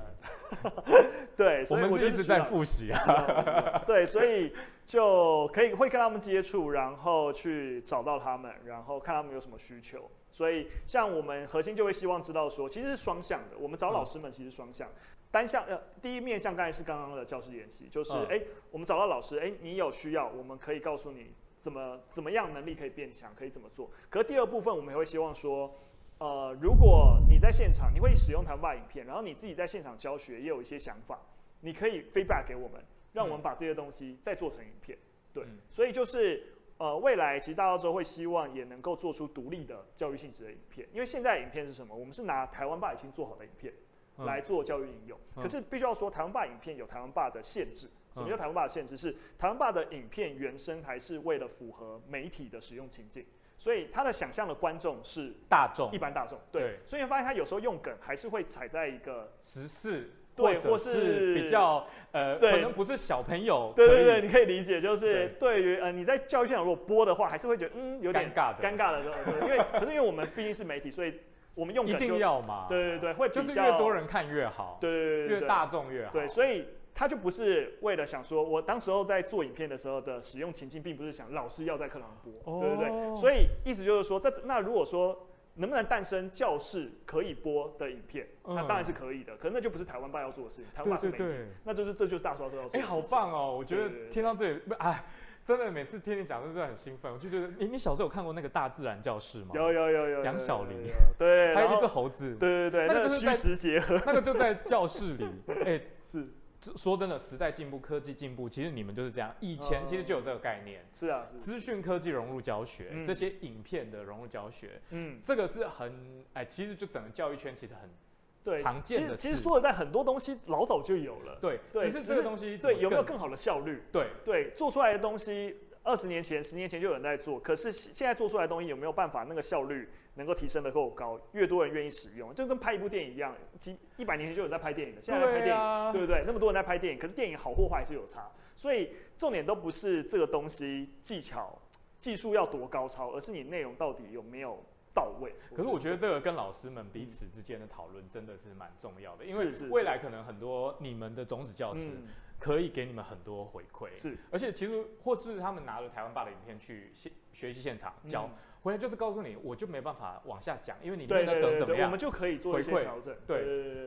Speaker 2: 對，我們是一直在複習啊。對，所以就可以會跟他們接觸，然後去找到他們，然後看他們有什麼需求。所以，像我們核心就會希望知道說，其實是雙向的。我們找老師們其實雙向、嗯、向，單向呃，第一面向，剛才是剛剛的教師研習，就是誒、嗯，欸，我們找到老師，誒、欸，你有需要，我們可以告訴你怎麼怎麼樣能力可以變強，可以怎麼做。可是第二部分，我們也會希望說，呃，如果你在現場，你會使用談話影片，然後你自己在現場教學也有一些想法，你可以 feedback 給我們，讓我們把這些東西再做成影片。嗯、對，所以就是。呃，未來其實大抓周會希望也能夠做出獨立的教育性質的影片，因為現在的影片是什麼？我們是拿臺灣吧已經做好的影片來做教育應用。嗯嗯、可是必須要說，臺灣吧影片有臺灣吧的限制。什麼叫臺灣吧的限制是？是、嗯、臺灣吧的影片原生還是為了符合媒體的使用情境？所以他的想象的觀眾是大眾、一般大眾。大眾對，對所以你發現他有時候用梗還是會踩在一個
Speaker 1: 時事。對，或是比較呃，可能不是小朋友，對對對，你
Speaker 2: 可以理解，就是對於呃，你在教育現場如果播的話，還是會覺得嗯有點尬的，尷尬的對，因為可是因為我們畢竟是媒體，所以我們用一定要嘛，對對對，會就是越多人看越好，對對對，越大眾越好，所以他就不是為了想說，我當時候在做影片的時候的使用情境，並不是想老師要在課堂播，對對對，所以意思就是說，在那如果說。能不能誕生教室可以播的影片？那當然是可以的，可能那就不是台灣吧要做的事情，台灣吧是媒體，那就是這就是大抓周要做的。哎，好
Speaker 1: 棒哦！我覺得聽到這裡，哎，真的每次聽你講都很興奮，我就覺得，哎，你小時候有看過那個《大自然教室》嗎？
Speaker 2: 有有有有，楊小林。對，還有一隻猴子，
Speaker 1: 對對對，那個虛實結合，那個就在教室裡，哎，是。說真的，時代進步，科技進步，其實你們就是這樣。以前其實就有這個概念，嗯、是啊，資訊科技融入教學，嗯、這些影片的融入教學，嗯，這個是很哎，其實就整個教育圈
Speaker 2: 其實很常見的事。其實說的在很多東西老早就有了，對，對只是這個東西對有沒有更好的效率？對對，對，做出來的東西，二十年前、十年前就有人在做，可是現在做出來的東西有沒有辦法那個效率？能夠提升得夠高，越多人願意使用，就跟拍一部電影一樣，幾一百年前就有人在拍電影的，現在在拍電影，對，啊、對不對？那麼多人在拍電影，可是電影好或壞還是有差，所以重點都不是這個東西技巧技術要多高超，而是你內容到底有沒有到位。可是我覺得
Speaker 1: 這個跟老師們彼此之間的討論真的是蠻重要的，嗯、因為未來可能很多你們的種子教師、嗯、可以給你們很多回饋。是，而且其實或是他們拿了臺灣吧的影片去現學習現場教。嗯回來就是告訴你，我就沒辦法往下講，因為你那邊怎麼樣，我們就可以做一些調整，對，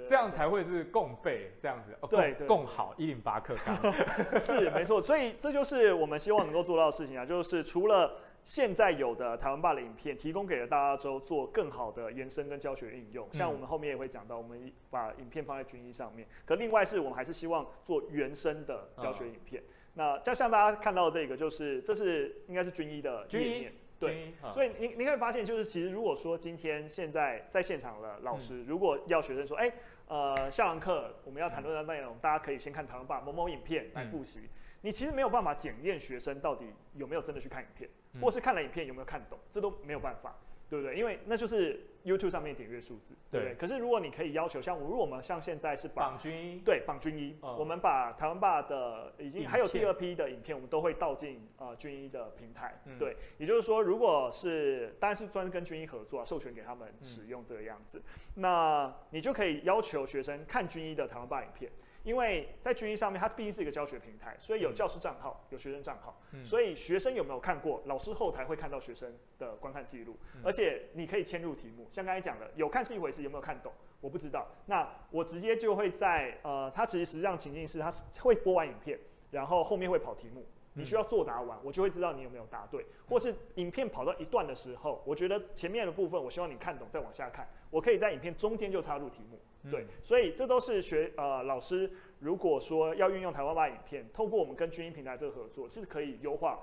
Speaker 2: 這樣才會是共備這樣子，對。共
Speaker 1: 好108課綱，
Speaker 2: 是沒錯，所以這就是我們希望能夠做到的事情啊，就是除了現在有的臺灣吧的影片提供給了大家之後，做更好的延伸跟教學應用，像我們後面也會講到，我們把影片放在均一上面，可另外是我們還是希望做原生的教學影片，那就像大家看到這個，就是這是應該是均一的均一。對，所以你你可以發現，就是其實如果說今天現在在現場的老師如果要學生說，哎、嗯，呃，下完課我們要談論的內容，嗯、大家可以先看臺灣吧某某影片來複習。嗯、你其實沒有辦法檢驗學生到底有沒有真的去看影片，嗯、或是看了影片有沒有看懂，這都沒有辦法，對不對？因為那就是。YouTube 上面點閱數字，對，對。可是如果你可以要求，像我如果我們像現在是綁均一，對，綁均一，哦、我們把臺灣吧的已經前還有第二批的影片，我們都會倒進呃均一的平台，嗯、對。也就是說，如果是當然是專門跟均一合作、啊，授權給他們使用這個樣子，嗯、那你就可以要求學生看均一的臺灣吧影片，因為在均一上面，它畢竟是一個教學平台，所以有教師賬號，嗯、有學生賬號，嗯、所以學生有沒有看過，老師後台會看到學生的觀看記錄，嗯、而且你可以嵌入題目。像剛才講的，有看是一回事，有沒有看懂我不知道。那我直接就會在呃，它其實實際上情境是，它是會播完影片，然後後面會跑題目，你需要作答完，嗯、我就會知道你有沒有答對。或是影片跑到一段的時候，嗯、我覺得前面的部分，我希望你看懂再往下看，我可以在影片中間就插入題目，對。嗯、所以這都是學呃老師如果說要運用臺灣吧影片，透過我們跟均一平台這個合作，其實可以優化。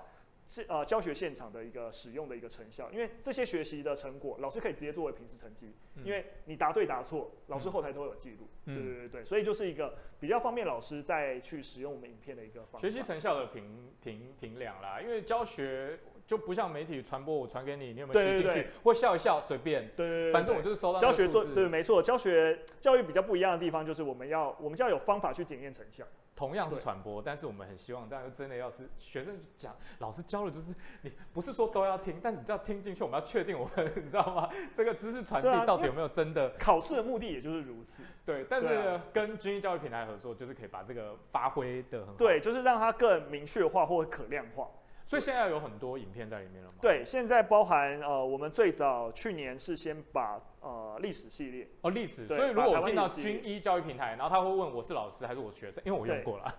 Speaker 2: 是呃，教學現場的一個使用的一個成效，因為這些學習的成果，老師可以直接作為平時成績，嗯、因為你答對答錯，老師後台都會有記錄。嗯、對對對對，所以就是一個比較方便老師再去使用我們影片的一個方法。學習成
Speaker 1: 效的評評評量啦，因為教學。就不像媒體傳播，我傳給你，你有沒有聽進去？對對對或笑一笑，隨便。對，對，
Speaker 2: 對，對，反正我就是收到。教學做對，沒錯。教學教育比較不一樣的地方，就是我們要，我們就要有方法去檢驗成效。
Speaker 1: 同樣是傳播，對但是我們很希望，但是真的要是學生講，老師教了就是你，不是說都要聽，但是你要聽進去。我們要確定我們，你知道嗎？這個知識傳遞到底有沒有真的？啊、考試
Speaker 2: 的目的也就是如此。
Speaker 1: 對，但是跟均一教育平台合作，就是可以把這個發揮的很好。
Speaker 2: 對，就是讓它更明確化或者可量化。
Speaker 1: 所以現在有很多影片在裡面了嗎？
Speaker 2: 對，現在包含呃，我們最早去年是先把，呃，歷史系列哦，歷史，所以如果我進到均
Speaker 1: 一教育平台，然後他會問我是老師還是我學生，因為我用過了，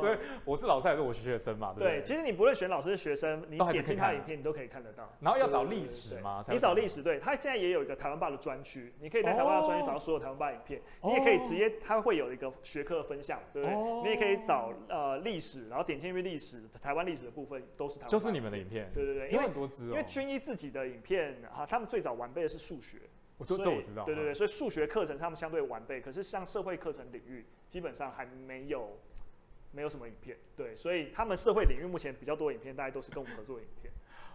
Speaker 1: 所以我是老師還是我學生嘛？對，對。其實
Speaker 2: 你不論選老師的學生，你點進他的影片，你都可以看得到。然後要找
Speaker 1: 歷史嗎？你找歷
Speaker 2: 史，對，他現在也有一個台灣吧的專區，你可以在台灣吧專區找到所有台灣吧影片，你也可以直接，他會有一個學科的分項，對不對？你也可以找呃歷史，然後點進去歷史，台灣歷史的部分，都是台灣，就是你們的影
Speaker 1: 片，對對對，有很多支，因為
Speaker 2: 均一自己的影片啊，他們最早完備的是數學。我說以這我知道，對對對，所以數學課程他們相對完備，可是像社會課程領域，基本上還沒有沒有什麼影片。對，所以他們社會領域目前比較多影片，大家都是跟我們合作的影片。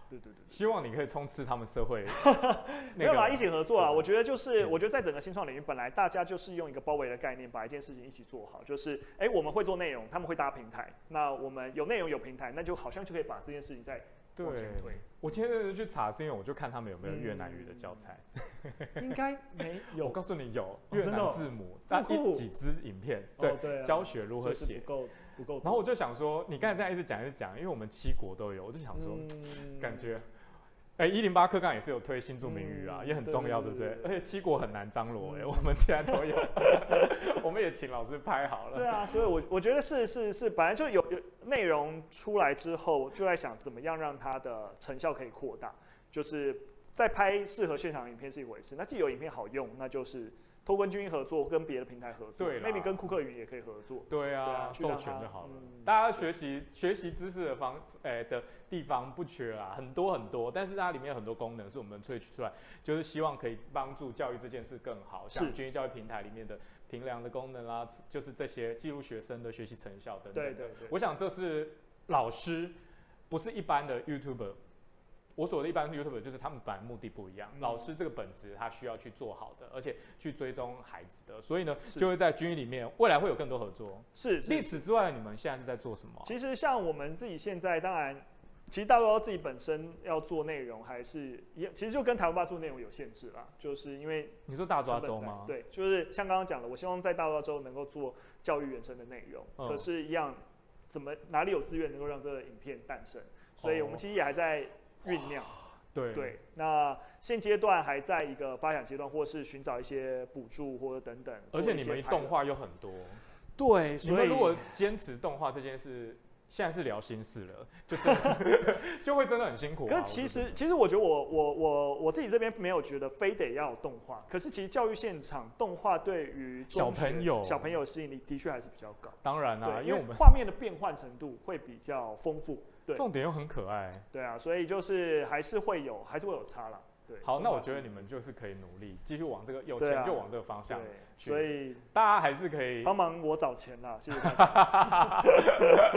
Speaker 1: 對對對，對，希望你可以衝刺他們社會、那個， 沒有
Speaker 2: 啦，一起合作啊！對我覺得就是，對我覺得在整個新創領域，本來大家就是用一個包圍的概念，把一件事情一起做好。就是，哎，我們會做內容，他們會搭平台，那我們有內容有平台，那就好像就可以把這件事情在。對，
Speaker 1: 我今天就去查，是因為我就看他們有沒有越南語的教材，嗯、 應該沒有。 我告訴你有越南字母，哦哦、一幾支影片，哦、對，酷教學如何寫，然後我就想說，你剛才這樣一直講一直講，因為我們七國都有，我就想說，嗯、感覺。哎，一零八課綱也是有推新住民語啊，嗯、也很重要，對不對？對對對，而且七國很難張
Speaker 2: 羅，欸，誒、嗯，我們既然都有， 我們也請老師拍好了。對啊，所以我我覺得是是是，本來就有有內容出來之後，就在想怎麼樣讓它的成效可以擴大，就是在拍適合現場影片是一回事，那既有影片好用，那就是。托跟均一合作，跟別的平台合作，對那啦你跟酷課雲也可以合作，
Speaker 1: 對啊，對啊，授權就好了。嗯、大家學習對學習知識的方，哎、呃，的地方不缺啊，很多很多。但是它裡面有很多功能是我們萃取出，出來，就是希望可以幫助教育這件事更好，像均一教育平台裡面的評量的功能啦、啊，就是這些記錄學生的學習成效等等。對，對，對，我想這是老師，不是一般的 YouTuber。我所謂的一般 YouTube 就是他們本來目的不一樣，嗯、老師這個本質他需要去做好的，而且去追蹤孩子的，所以呢是就會在均一裡面，未來會有更多合作。是，歷史之外，你們現在是在做什麼？
Speaker 2: 其實像我們自己現在，當然，其實大抓周自己本身要做內容，還是也其實就跟台灣吧做內容有限制啦，就是因為你說大抓周嗎？對，就是像剛剛講的，我希望在大抓周能夠做教育原生的內容，嗯、可是，一樣怎麼哪裡有資源能夠讓這個影片誕生？所以我們其實也還在。嗯醞釀、哦，對，對，那現階段還在一個發展階段，或是尋找一些補助或者等等。而且你們動畫又很多，
Speaker 1: 對，所以你們如果堅持動畫這件事，現在是聊心事了，就真的 就會真的很辛苦，啊。可其
Speaker 2: 實，其實我覺得我我我我自己這邊沒有覺得非得要動畫，可是其實教育現場動畫對於小朋友小朋友吸引力的確還是比較高。
Speaker 1: 當然啦，啊，對因為我們為畫面
Speaker 2: 的變換程度會比較豐富。對重點又很可愛，對啊，所以就是還是會有，還是會有差啦。對好，我發那我覺得你
Speaker 1: 們就是可以努力，
Speaker 2: 繼續往這個有錢、啊、又往這個方向。對，所以大家還是可以幫忙我找錢啦。謝謝。
Speaker 1: 大家。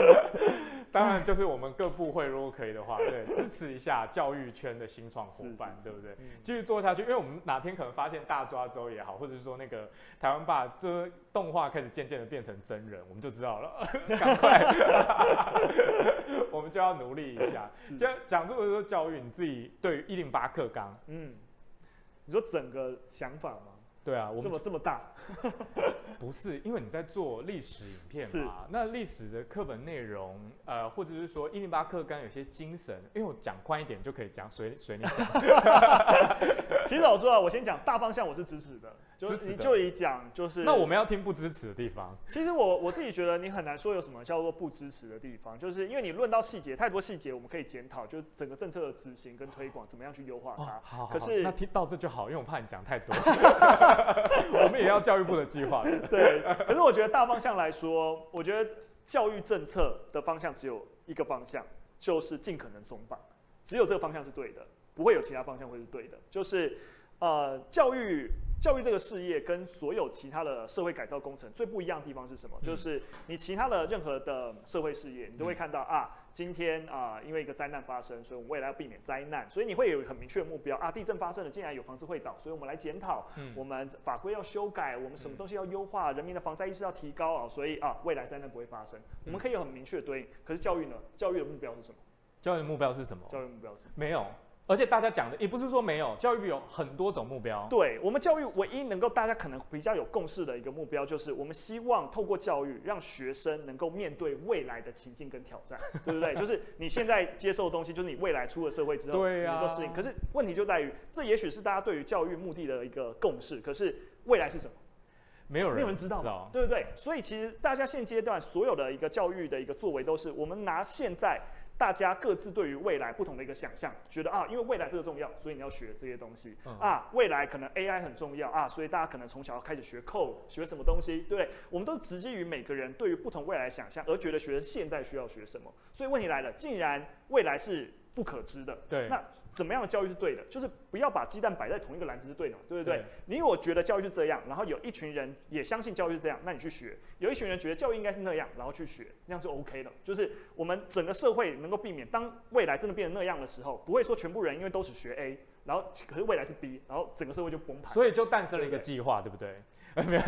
Speaker 1: 當然，就是我們各部會 如果可以的話，對，支持一下教育圈的新創夥伴，對不對？繼、嗯、續做下去，因為我們哪天可能發現大抓周也好，或者是說那個台灣吧，就是動畫開始漸漸的變成真人，我們就知道了，趕 快， 我們就要努力一下。是就講這麼多教育，你自己對於一零八課綱，
Speaker 2: 嗯，你說整個想法嗎？
Speaker 1: 對啊，我們這麼這
Speaker 2: 麼大？
Speaker 1: 不是，因為你在做歷史影片嘛。是那歷史的課本內容，呃，或者是說一零八課綱，剛有些精神，因為我講寬一點就可以講隨，隨隨你講。
Speaker 2: 其實老實說啊，我先講大方向，我是支持的。就你就以講就是，那我們要
Speaker 1: 聽不支持的地方。
Speaker 2: 其實我我自己覺得你很難說有什麼叫做不支持的地方，就是因為你論到細節，太多細節我們可以檢討，就是整個政策的執行跟推廣怎麼樣去優化它。哦哦、好，可是好好那
Speaker 1: 聽到這就好，因為我怕你講太多。 我們也要教育部的計劃。 對，可
Speaker 2: 是我覺得大方向來說，我覺得教育政策的方向只有一個方向，就是盡可能鬆綁，只有這個方向是對的，不會有其他方向會是對的。就是呃教育。教育這個事業跟所有其他的社會改造工程最不一樣的地方是什麼？嗯、就是你其他的任何的社會事業，你都會看到、嗯、啊，今天啊、呃，因為一個災難發生，所以我們未來要避免災難，所以你會有很明確的目標啊。地震發生了，竟然有房子會倒，所以我們來檢討，嗯、我們法規要修改，我們什麼東西要優化，嗯、人民的防災意識要提高啊、哦，所以啊，未來災難不會發生，我們可以有很明確的對應。可是教育呢？教育的目標是什麼？教育的目標是什麼？教育目標是？沒
Speaker 1: 有。而且大家講的也不是說沒有教育有很多種目標，對
Speaker 2: 我們教育唯一能夠大家可能比較有共識的一個目標，就是我們希望透過教育讓學生能夠面對未來的情境跟挑戰， 對不對？就是你現在接受的東西，就是你未來出了社會之後、 啊、能夠適應。可是問題就在於，這也許是大家對於教育目的的一個共識，可是未來是什麼？
Speaker 1: 沒有人，沒有人知道，知道
Speaker 2: 對不對？所以其實大家現階段所有的一個教育的一個作為，都是我們拿現在。大家各自對於未來不同的一個想象，覺得啊，因為未來這個重要，所以你要學這些東西、嗯、啊。未來可能 AI 很重要啊，所以大家可能從小要開始學 code，學什麼東西，對，我們都直接於每個人對於不同未來想象而覺得學現在需要學什麼。所以問題來了，既然未來是。不可知的。對，那怎麼樣的教育是對的？就是不要把雞蛋擺在同一個籃子是對的，對不對？對，你我覺得教育是這樣，然後有一群人也相信教育是這樣，那你去學；有一群人覺得教育應該是那樣，然後去學，那樣就 OK 了。就是我們整個社會能夠避免，當未來真的變成那樣的時候，不會說全部人因為都是學 A，然後可是未來是 B，然後整個社會就崩盤。所以就誕生了一個計劃，對不對？沒有，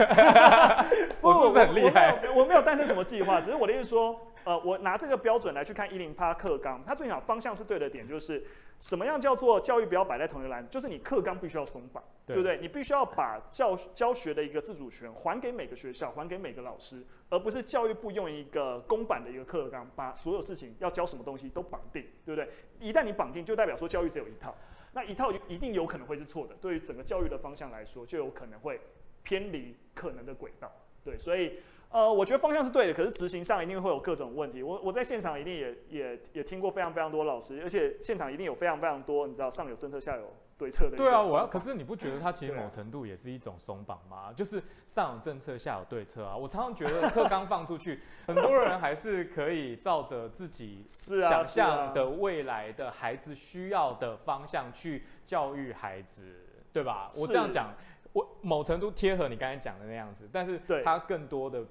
Speaker 2: 我是不是很厲害，我，我沒有誕生什麼計劃，只是我的意思說。呃，我拿這個標準來去看一零八課綱，它最好方向是對的點就是，什麼樣叫做教育不要擺在同一個籃子，就是你課綱必須要鬆綁，對,對不對？你必須要把教教學的一個自主權還給每個學校，還給每個老師，而不是教育部用一個公版的一個課綱，把所有事情要教什麼東西都綁定，對不對？一旦你綁定，就代表說教育只有一套，那一套一定有可能會是錯的。對於整個教育的方向來說，就有可能會偏離可能的軌道，對，所以。呃，我覺得方向是對的，可是執行上一定會有各種問題。我我在現場一定也也也聽過非常非常多老師，而且現場一定有非常非常多，你知道上有政策下有對策的。對啊，我要。
Speaker 1: 可是你不覺得他其實某程度也是一種鬆綁嗎？啊、就是上有政策下有對策啊。我常常覺得課剛放出去， 很多人還是可以照着自己 想象的未來的孩子需要的方向去教育孩子，對吧？是我這樣講，我某程度貼合你剛才講的那樣子，但是他更多的。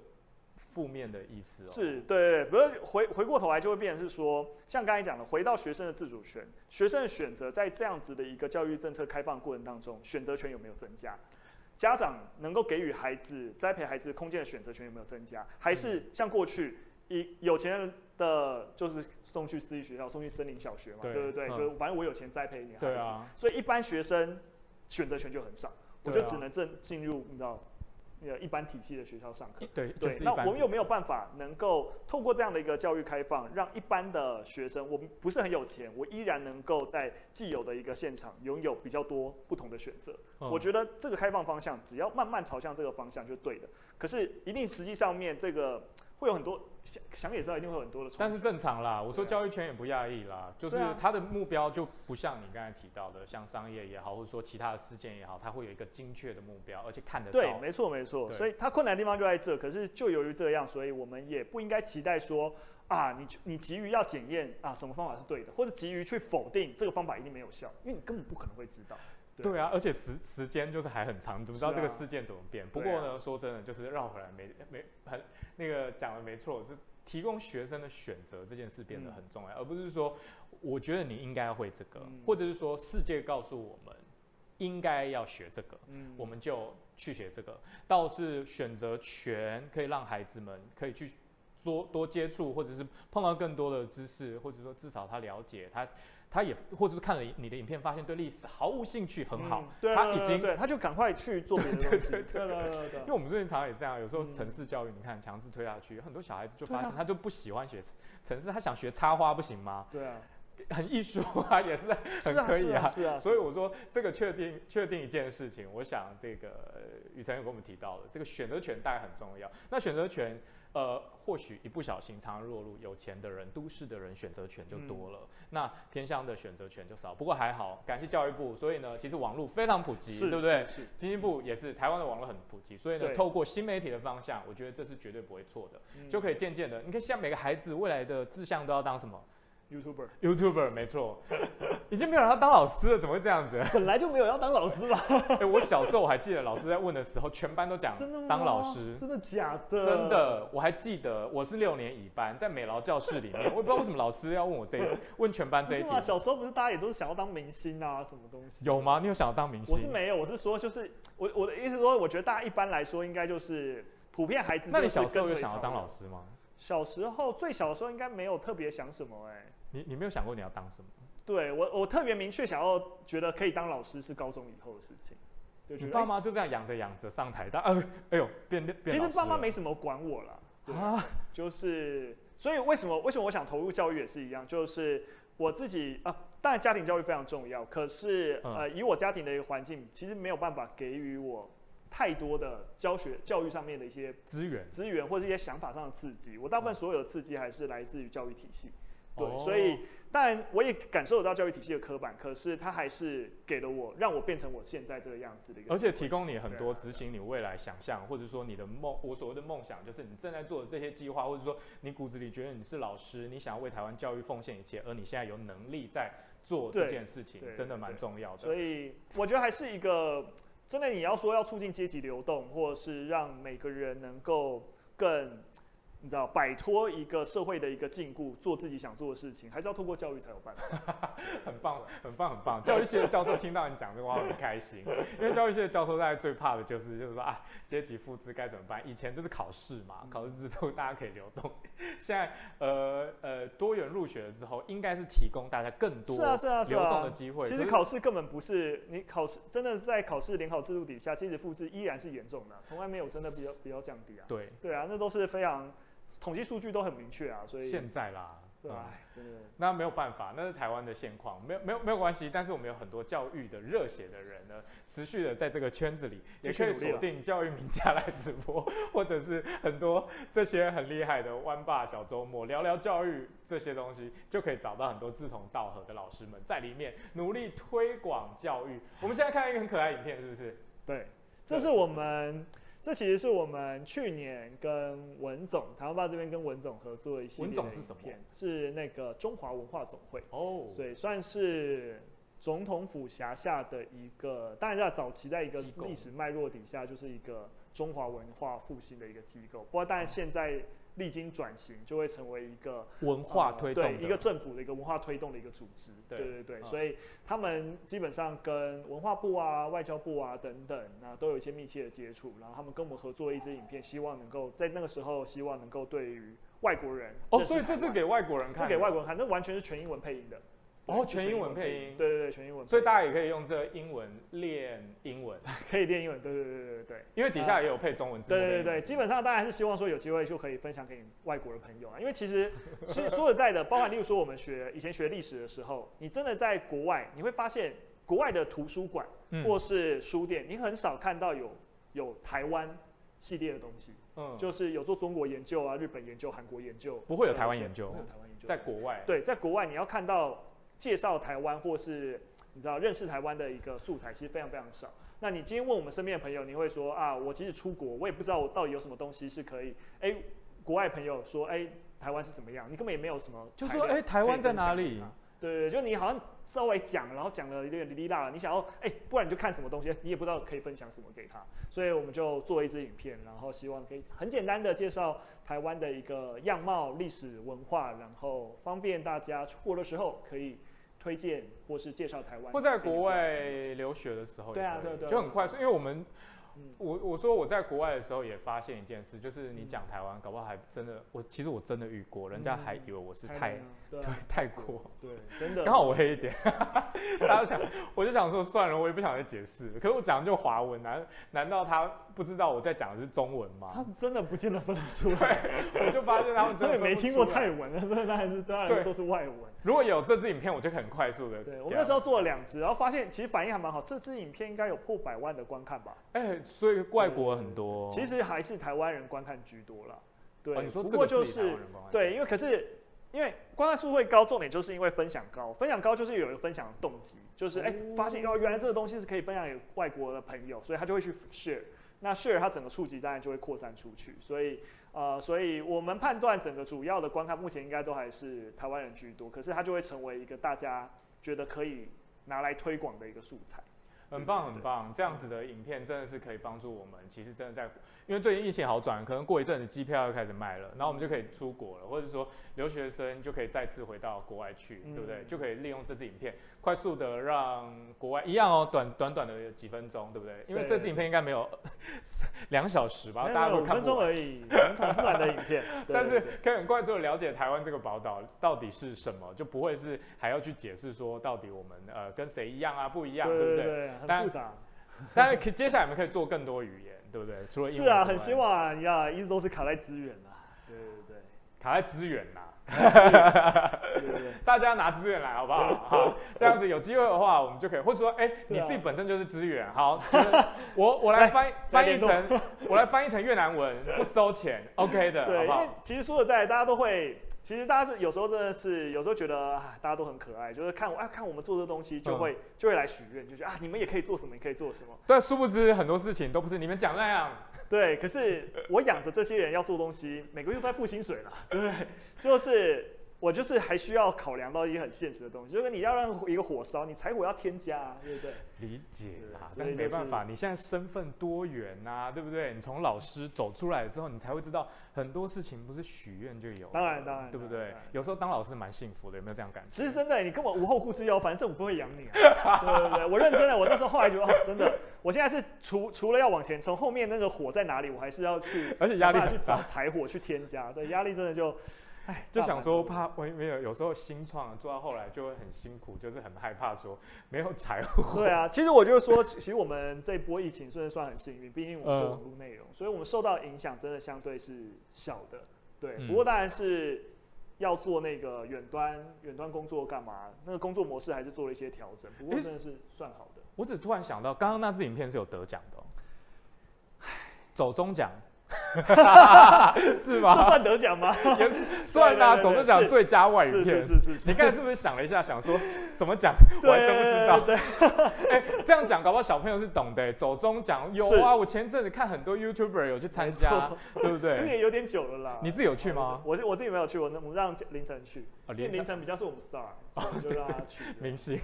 Speaker 1: 負面的意思、哦、是，
Speaker 2: 對對，對，不過回回過頭來就會變成是說，像剛才講的，回到學生的自主權，學生的選擇在這樣子的一個教育政策開放過程當中，選擇權有沒有增加？家長能夠給予孩子栽培孩子空間的選擇權有沒有增加？還是像過去一、嗯、有錢人的就是送去私立學校，送去森林小學嘛，對，對不對？嗯、就反正我有錢栽培你孩子，啊、所以一般學生選擇權就很少，啊、我就只能正進入，你知道。一般體系的學校上課，對對。對，那我們有沒有辦法能夠透過這樣的一個教育開放，讓一般的學生，我們不是很有錢，我依然能夠在既有的一個現場擁有比較多不同的選擇？嗯，我覺得這個開放方向，只要慢慢朝向這個方向就對的。可是，一定實際上面這個會有很多。想，想也知道一定會有很多的錯，但
Speaker 1: 是正常啦。我說教育圈也不訝異啦，對就是他的目標就不像你剛才提到的，像商業也好，或者說其他的事件也好，他會有一個精確的目標，而且
Speaker 2: 看得到。對，沒錯沒錯。對所以他困難的地方就在這，可是就由於這樣，所以我們也不應該期待說啊，你你急於要檢驗啊什麼方法是對的，或者急於去否定這個方法一定沒有效，因為你根本不可能會知道。對啊，
Speaker 1: 而且時時間就是還很長，不知道這個事件怎麼變。啊、不過呢，啊、說真的，就是繞回來沒沒很那個講的沒錯，就提供學生的選擇這件事變得很重要，嗯、而不是說我覺得你應該會這個，嗯、或者是說世界告訴我們應該要學這個，嗯、我們就去學這個。倒是選擇權可以讓孩子們可以去多多接觸，或者是碰到更多的知識，或者說至少他了解他。他也或是看了你的影片，發現對歷史毫無興趣，很好，嗯、對他已經對了對
Speaker 2: 了，他就趕快去做別的 對，對，
Speaker 1: 對，對，因為我們最近常常也這樣，有時候程式教育，你看強制推下去，嗯、很多小孩子就發現他就不喜歡學程式，他想學插花不行嗎？
Speaker 2: 對
Speaker 1: 啊，很藝術啊，也是很可以啊，是啊。是啊，是啊，是啊，所以我說這個確定確定一件事情，我想這個宇辰也跟我們提到了，這個選擇權大概很重要。那選擇權。呃，或許一不小心，常常落入有錢的人、都市的人選擇權就多了，嗯、那偏鄉的選擇權就少。不過還好，感謝教育部，所以呢，其實網絡非常普及，是，對不對？是，是是經濟部也是，嗯、台灣的網絡很普及，所以呢，對透過新媒體的方向，我覺得這是絕對不會錯的，嗯、就可以漸漸的，你可以像每個孩子未來的志向都要當什麼？
Speaker 2: YouTuber，YouTuber，YouTuber,
Speaker 1: 沒錯，已經沒有人要當老師了，怎麼會這樣子、
Speaker 2: 啊？ 本來就沒有要當老師嘛。
Speaker 1: 哎、欸，我小時候我還記得老師在問的時候，全班都講當老師。真的嗎？
Speaker 2: 真的假的？真的，
Speaker 1: 我還記得，我是六年乙班，在美勞教室裡面， 我也不知道為什麼老師要問我這 問全班這一題。小
Speaker 2: 時候不是大家也都是想要當明星啊，什麼東西？
Speaker 1: 有嗎？你有想要當明星？我是沒
Speaker 2: 有，我是說就是我我的意思是說，我覺得大家一般來說應該就是普遍孩子。那你小時候有想要當老師嗎？小時候最小的時候應該沒有特別想什麼、欸，哎。
Speaker 1: 你你沒有想過你要當什麼？
Speaker 2: 對，我我特別明確想要覺得可以當老師是高中以後的事情。就你爸
Speaker 1: 媽就這樣養着養着上台但哎呦，哎呦，變變老師。其實爸媽沒
Speaker 2: 什麼管我啦。啊，就是，所以為什麼為什麼我想投入教育也是一樣？就是我自己啊、呃，當然家庭教育非常重要。可是、嗯、呃，以我家庭的一個環境，其實沒有辦法給予我太多的教學教育上面的一些資源資源，資源或是一些想法上的刺激。我大部分所有的刺激還是來自於教育體系。對，所以當然我也感受得到教育體系的刻板，可是它還是給了我，讓我變成我現在這個樣子的一個。而且提供你很多
Speaker 1: 執行你未來想象，啊、或者說你的夢，我所謂的夢想就是你正在做的這些計劃，或者說你骨子裡覺得你是老師，你想要為台灣教育奉獻一切，而你現在有能力在做這件事情，對真的蠻重要的。所以
Speaker 2: 我覺得還是一個真的，你要說要促進階級流動，或者是讓每個人能夠更。你知道，擺脫一個社會的一個禁錮，做自己想做的事情，還是要透過教育才有辦法。 很棒，
Speaker 1: 很棒，很棒！ 教育系的教授聽
Speaker 2: 到你講這個話，很開心。 因為
Speaker 1: 教育系的教授大家最怕的就是，就是說啊，階級複製該怎麼辦？以前就是考試嘛，考試制度大家可以流動。嗯、現在，呃呃，多元入學了之後，應該是提供大家更多流動的機會。是啊，是啊，是啊。其實考試
Speaker 2: 根本不是你考試，真的在考試聯考制度底下，階級複製依然是嚴重的，從來沒有真的比較是比較降低啊。對對啊，那都是非常。統計數據都很明確啊，所以現
Speaker 1: 在啦，對，唉對對，那沒有辦法，那是台灣的現況，沒有沒有沒有關係。但是我們有很多教育的熱血的人呢，持續的在這個圈子裡，也可以鎖定教育名家來直播，或者是很多這些很厲害的灣吧、小周末聊聊教育這些東西，就可以找到很多志同道合的老師們在裡面
Speaker 2: 努力推廣教育。我們現在看一個很可愛影片，是不是？對，這是我們。這其實是我們去年跟文總台灣吧這邊跟文總合作一些的一系列影片，文總是什麼？是，是那個中華文化總會哦，對，oh. 算是總統府轄下的一個，當然在早期在一個歷史脈絡底下，就是一個中華文化復興的一個機構，不過但是現在、嗯。歷經轉型，就會成為一個文化推動的、呃、對一個政府的一個文化推動的一個組織，對，對對對。嗯、所以他們基本上跟文化部啊、外交部啊等等，那、啊、都有一些密切的接觸。然後他們跟我們合作一支影片，希望能夠在那個時候，希望能夠對於外國人哦，所以
Speaker 1: 這是給外國人看，是給外
Speaker 2: 國人看，那完全是全英文配音的。
Speaker 1: 哦，全英文配音，
Speaker 2: 對對對，全英文。所
Speaker 1: 以大家也可以用這個英文練英文，
Speaker 2: 可以練英文，對對對對對。因為底下也有
Speaker 1: 配中文字幕。對對對，
Speaker 2: 基本上大家是希望說有機會就可以分享給你外國的朋友啊，因為其實是說實在的，包含例如說我們學以前學歷史的時候，你真的在國外，你會發現國外的圖書館或是書店，你很少看到有有台灣系列的東西。嗯，就是有做中國研究啊、日本研究、韓國研究，不會有台灣研究，沒有台灣研究，在國外。對，在國外你要看到。介紹台灣或是你知道認識台灣的一個素材，其實非常非常少。那你今天問我們身邊的朋友，你會說啊，我其實出國，我也不知道我到底有什麼東西是可以。哎，國外朋友說哎，台灣是怎麼樣？你根本也沒有什麼。就說哎，台灣在哪裡？對對，就你好像稍微講，然後講了一點哩哩啦啦。你想要哎，不然你就看什麼東西，你也不知道可以分享什麼給他。所以我們就做了一支影片，然後希望可以很簡單的介紹台灣的一個樣貌、歷史文化，然後方便大家出國的時候可以。推薦或是介紹台灣，或在國外
Speaker 1: 留學的時候，對啊，對對、對，就很快，嗯、因為我們。嗯、我我說我在國外的時候也發現一件事，就是你講台灣，嗯、搞不好還真的。我其實我真的遇過，人家還以為我是泰、啊，對泰、啊、國，對真的，剛好我黑一點。大 家想， 我就想說算了，我也不想再解釋。可是我講的就華文，難難道他不知道我在講的是中文嗎？
Speaker 2: 他真的不見得分得出來。我對 就發現他們真的沒聽過泰文，真的，那還是那都是外文。
Speaker 1: 如果有這支影片，我就可以很快速的。對我那時候
Speaker 2: 做了兩支，然後發現其實反應還蠻好。這支影片應該有破百萬的觀看吧？哎、欸。所以外國
Speaker 1: 很多、嗯，其實
Speaker 2: 還是台灣人觀看居多啦。
Speaker 1: 對，哦、不過就是對，
Speaker 2: 因為可是因為觀看數會高，重點就是因為分享高，分享高就是有一個，分享的動機，就是哎、欸嗯、發現哦原來這個東西是可以分享給外國的朋友，所以他就會去 share，那 share 他整個觸及當然就會擴散出去。所以呃，所以我們判斷整個主要的觀看目前應該都還是台灣人居多，可是它就會成為一個大家覺得可以拿來推廣的一個素材。
Speaker 1: 很棒，很棒！這樣子的影片真的是可以幫助我們。其實真的在，因為最近疫情好轉，可能過一陣子機票又開始賣了，然後我們就可以出國了，或者說留學生就可以再次回到國外去，對不對？嗯、就可以利用這支影片。快速的讓國外一樣哦，短短短的幾分鐘，對不對？因為這次影片應該沒有兩小時吧，六對分鐘而已，很短短的影片。 對但是可以很快速的了解台灣這個寶島到底是什麼，就不會是還要去解釋說到底我們呃跟誰一樣啊不一樣，對，對不對？當然，但是可接下來我們可以做更多語言， 對不對？除了是啊，很希
Speaker 2: 望呀、你啊，一直都是卡在資源啊，對對，對卡在資源吶。大家拿資源來好不好？好，這樣子有機
Speaker 1: 會的話，我們就可以，或者說，哎，你自己本身就是資源，好，我我來翻翻譯成，我來翻譯成越南文，不收錢，OK 的，對，因為
Speaker 2: 其實說實在，大家都會，其實大家有時候真的是，有時候覺得啊，大家都很可愛，就是看我哎，看我們做這東西，就會就會來許願，就覺得啊，你們也可以做什麼，也可以做什麼。對，殊不知很多事情都不是你們講那樣。對，可是我養着這些人要做東西，呃、每個月都在付薪水了，對，呃、就是。我就是還需要考量到一些很現實的東西，就是你要讓一個火燒，你柴火要添加、啊，對不對？
Speaker 1: 理解啊，但對沒辦法，就是、你現在身份多元啊，對不對？你從老師走出來的時候，你才會知道很多事情不是許願就有當，當然當然，對不對？有時候當老師蠻幸福的，有沒有這樣感覺？其
Speaker 2: 實真的、欸，你根本無後顧之憂，反正我不會養你、啊，對對對， 我認真的，我那時候後來覺得、哦，真的，我現在是除除了要往前衝，從後面那個火在哪裡，我還是要去，而且壓力很大去找柴火去添加，對，壓力真的就。
Speaker 1: 哎，就想說怕，我也沒有。有時候新創做到後來就會很辛苦，就是很害怕說沒有財務。對
Speaker 2: 啊，其實我就說， 其實我們這波疫情雖然算很幸運，畢竟我們做網路內容，呃、所以我們受到影響真的相對是小的。對，嗯、不過當然是要做那個遠端遠端工作幹嘛？那個工作模式還是做了一些調整，不過真的是算好的。
Speaker 1: 我只突然想到，剛剛那支影片是有得獎的、喔，哎，走中獎。是嗎？這算得
Speaker 2: 獎嗎？也是算啊。走鐘獎最佳外語片，是是是。你剛才是
Speaker 1: 不是想了一下，想說什麼獎？我還真不知道。哎，這樣講，搞不好小朋友是懂的。走鐘獎有啊，我前陣子看很多 YouTuber 有去參加，對不對？今年有
Speaker 2: 點久了啦。你自己有去嗎？我我自己沒有去，我我讓凌晨去，凌晨比較是我們 star，
Speaker 1: 明星。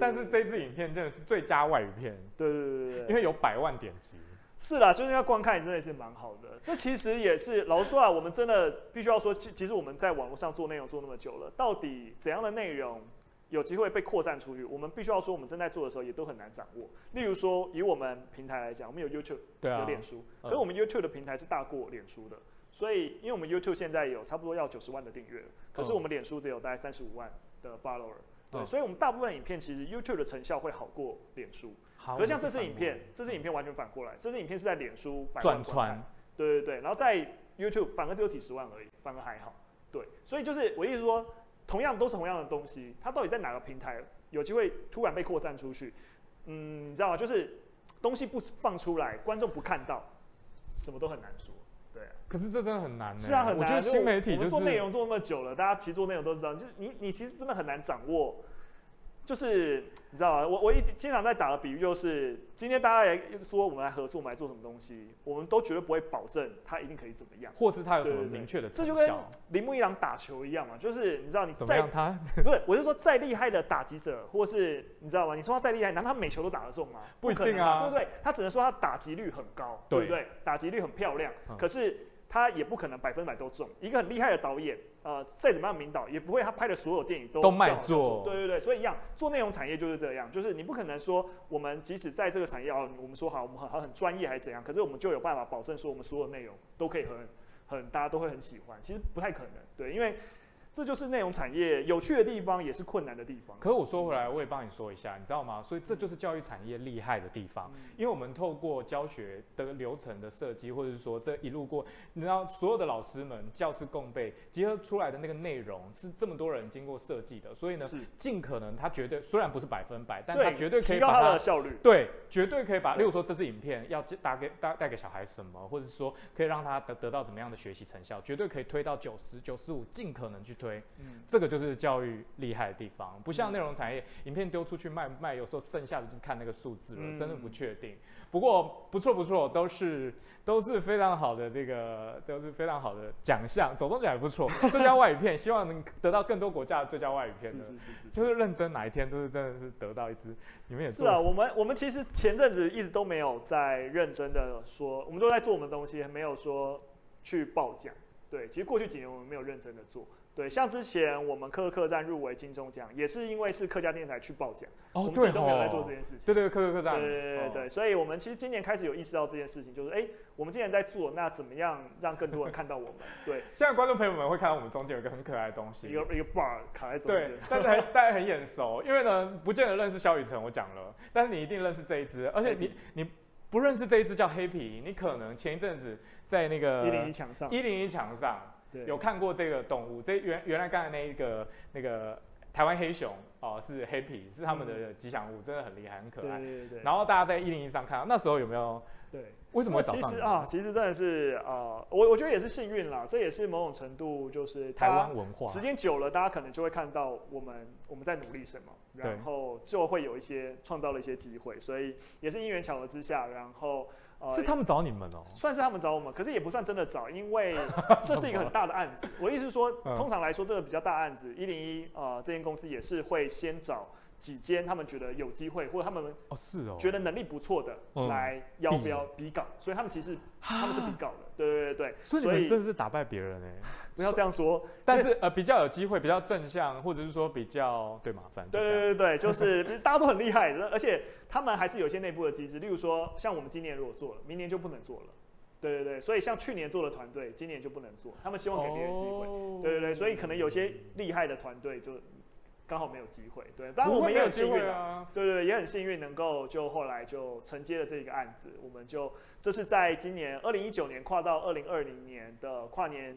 Speaker 1: 但是這次影片真的是最佳外語片，對對對對對，因為有百萬點擊。
Speaker 2: 是啦，就是要觀看也真的是蠻好的。這其實也是，老實說啊，我們真的必須要說，其實我們在網絡上做內容做那麼久了，到底怎樣的內容有機會被擴散出去，我們必須要說，我們正在做的時候也都很難掌握。例如說，以我們平台來講，我們有 YouTube，對啊，有臉書，可是我們 YouTube 的平台是大過臉書的，嗯，所以，因為我們 YouTube 現在有差不多要九十萬的訂閱，可是我們臉書只有大概三十五萬的 follower，嗯，對，所以，我們大部分的影片其實 YouTube 的成效會好過臉書。好可是像這支影片，這支影片完全反過來，這支影片是在臉書百萬觀看，轉傳對對對，然後在 YouTube 反而只有幾十萬而已，反而還好，對。所以就是我意思說，同樣都是同樣的東西，它到底在哪個平台有機會突然被擴散出去？嗯，你知道嗎？就是東西不放出來，觀眾不看到，什麼都很難說。對、啊。
Speaker 1: 可是這真的很難、欸。是啊，很難。我覺得新媒體就是就我們做內容
Speaker 2: 做那麼久了，大家其實做內容都知道，就是你你其實真的很難掌握。就是你知道嗎？我我一經常在打的比喻就是，今天大家也說我們來合作嘛，來做什麼東西，我們都絕對不會保證他一定可以怎麼樣，或是他有什麼明確
Speaker 1: 的，對對對，這就跟
Speaker 2: 鈴木一郎打球一樣嘛，就是你知道你再怎麼樣他 不是，我是說再厲害的打擊者，或是你知道嗎？你說他再厲害，難道他每球都打得中嗎？不可能啊，不一定啊對不對？他只能說他打擊率很高，對，對不對？打擊率很漂亮，嗯，可是他也不可能百分百都中。一個很厲害的導演。呃，再怎麼樣名導也不會，他拍的所有電影都賣座，對對對，所以一樣做內容產業就是這樣，就是你不可能說我們即使在這個產業，哦，我們說好我們好好很很專業還是怎樣，可是我們就有辦法保證說我們所有內容都可以很很大家都會很喜歡，其實不太可能，對，因為。這就是內容產業有趣的地方，也是困難的地方。可我說回來，我也幫你說一下，
Speaker 1: 嗯、你知道嗎？所以這就是教育產業厲害的地方，嗯、因為我們透過教學的流程的設計，或者是說這一路過，你知道所有的老師們、教師共備結合出來的那個內容，是這麼多人經過設計的。所以呢，是盡可能他絕對雖然不是百分百，但他絕對可以把他提高它的效率。對，絕對可以把，對例如說這支影片要打給大帶給小孩什麼，或者是說可以讓他得得到怎麼樣的學習成效，絕對可以推到九十、九十五，盡可能去推。對，嗯、這個就是教育厲害的地方，不像內容產業，嗯、影片丟出去賣賣，有時候剩下的就是看那個數字了，嗯、真的不確定。不過不錯不錯，都是都是非常好的這個，都是非常好的獎項，走中獎也不錯。最佳外語片， 希望能得到更多國家的最佳外語片的，就是認真哪一天都是真的是得到一支。你們也是啊，我
Speaker 2: 們麼我們其實前陣子一直都沒有在認真的說，我們都在做我們的東西，沒有說去報獎。對，其實過去幾年我們沒有認真的做。對，像之前我們客家客棧入圍金鐘獎，也是因為是客家電台去報獎，哦、我們自己都沒有在做這件事情。哦、對對，客客客棧。對對對、哦、對，所以我們其實今年開始有意識到這件事情，就是哎、欸，我們今年在做，那怎麼樣讓更多人看到我們？ 對。現在觀眾朋友們會看到我們中間有一個很可愛的東西，一個一個 bar 卡在中間，對，但是大家 很眼熟，因為呢，不見得認識蕭
Speaker 1: 宇辰，我講了，但是你一定認識這一只，而且你黑皮你不認識這一只叫黑皮，你可能前一陣子在那個一零一牆上，一零一牆上。對有看過這個動物？這原原來剛才那一個那個、那個、台灣黑熊哦、呃，是黑皮，是他們的吉祥物，嗯、真的很厲害，很可愛。對對對對，然後大家在一零一上看到，那時候有沒有？對。為什麼會找上？其實啊，
Speaker 2: 其實真的是啊、呃，我我覺得也是幸運啦。這也是某種程度就是台灣文化。時間久了，大家可能就會看到我們我們在努力什麼，然後就會有一些創造了一些機會，所以也是因緣巧合之下，然後。呃、是他們找你們哦。喔，算是他們找我們，可是也不算真的找，因為這是一個很大的案子。 什麼？我意思說，嗯、通常來說，這個比較大案子，一零一啊，這間公司也是會先找。幾間他們覺得有機會，或者他們覺得能力不錯的、哦哦嗯、來邀標耶比稿，所以他們其實蛤他們是比稿的，對對對所以，所以你們真的是
Speaker 1: 打敗別人哎，不要這樣說。但是為呃比較有機會，比較正向，或者是說比較對麻煩。對對
Speaker 2: 對，對就是 大家都很厲害，而且他們還是有些內部的機制，例如說像我們今年如果做了，明年就不能做了。對對，對所以像去年做的團隊，今年就不能做。他們希望給別人機會。哦、對對對，所以可能有些厲害的團隊就。剛好沒有機會，對，當然不會 我們也有機會啊，啊對對，對也很幸運能夠就後來就承接了這個案子，我們就這是在今年二零一九年跨到二零二零年的跨年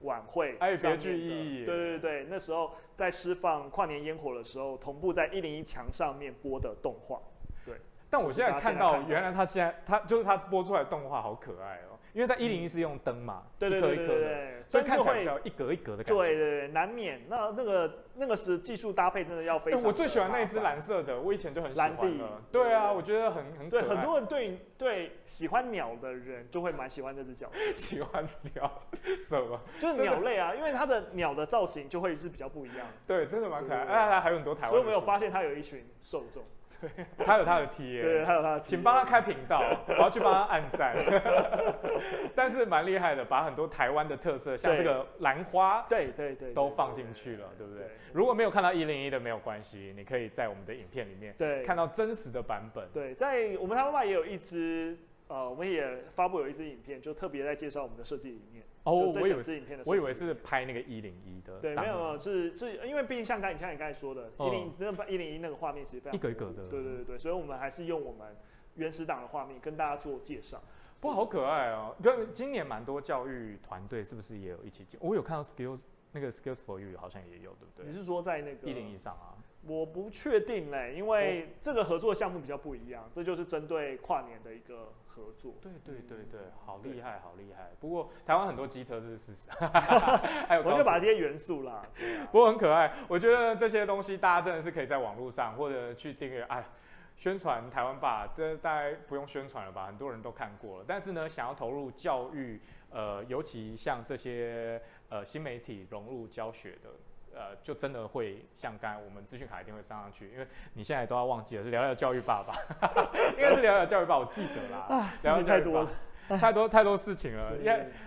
Speaker 2: 晚會的，哎，極具意義，對對對，那時候在釋放跨年煙火的時候，同步在一零一牆上面播的動畫，對，
Speaker 1: 但我現在看到，看到原來他現在他就是他播出來的動畫好可愛哦。因為在一零一是用燈嘛，對對對對，所以看起來比較一
Speaker 2: 格一格的感覺，對對對，難免那那個那個是技術搭配，真的要非常。我最喜歡那只藍色的，我以前就很喜歡藍地。對啊，我覺得很很對，很多人對對，喜歡鳥的人就會蠻喜歡這只腳，喜歡鳥
Speaker 1: 什麼？就是鳥類
Speaker 2: 啊，因為它的鳥的造型就會是比較不一樣。對，真的蠻可愛。哎，還有很多台灣。有沒有發現它有一群受眾？
Speaker 1: 他有他的 T，L, 對，他有他的 T，請幫他開頻道， 我要去幫他
Speaker 2: 按讚。
Speaker 1: 但是蠻厲害的，把很多台灣的特色，對像這個蘭花，對對對，都放進去了，對不對？對如果沒有看到一零一的，沒有關係，你可以在我們的影片裡面對看到真實的版本。
Speaker 2: 對，在我們台灣也有一支，呃，我們也發佈有一支影片，就特別在介紹我們的設計理念。哦，我以為我以為
Speaker 1: 是拍那個一零一的。對，沒有，沒有，是
Speaker 2: 是，因為畢竟像剛才你像你剛才說的，一零一，嗯、那一零一那個畫面其實非常一格一格的。對對對，所以我們還是用我們原始檔的畫面跟大家做介紹。不過，嗯、對好
Speaker 1: 可愛哦，因為今年蠻多教育團隊是不是也有一起？我有看到 Skills 那個 Skills for You 好像也有，對不對？你是說
Speaker 2: 在那個一零一上啊？我不確定嘞、欸，因為這個合作項目比較不一樣，這就是針對跨年的一個合作。對對對對，嗯、好厲害，好厲害！不過台灣很多機車，這是事實。 還有，我就把這些元素啦。
Speaker 1: 啊、不過很可愛，我覺得這些東西大家真的是可以在網絡上或者去訂閱哎，宣傳台灣吧，這大概不用宣傳了吧？很多人都看過了。但是呢，想要投入教育，呃，尤其像這些呃新媒體融入教學的。呃，就真的會像剛才，我們資訊卡一定會上上去，因為你現在都要忘記了，是聊聊教育爸爸，應該是聊聊教育吧。我記得啦，聊太多了，太多太多事情了，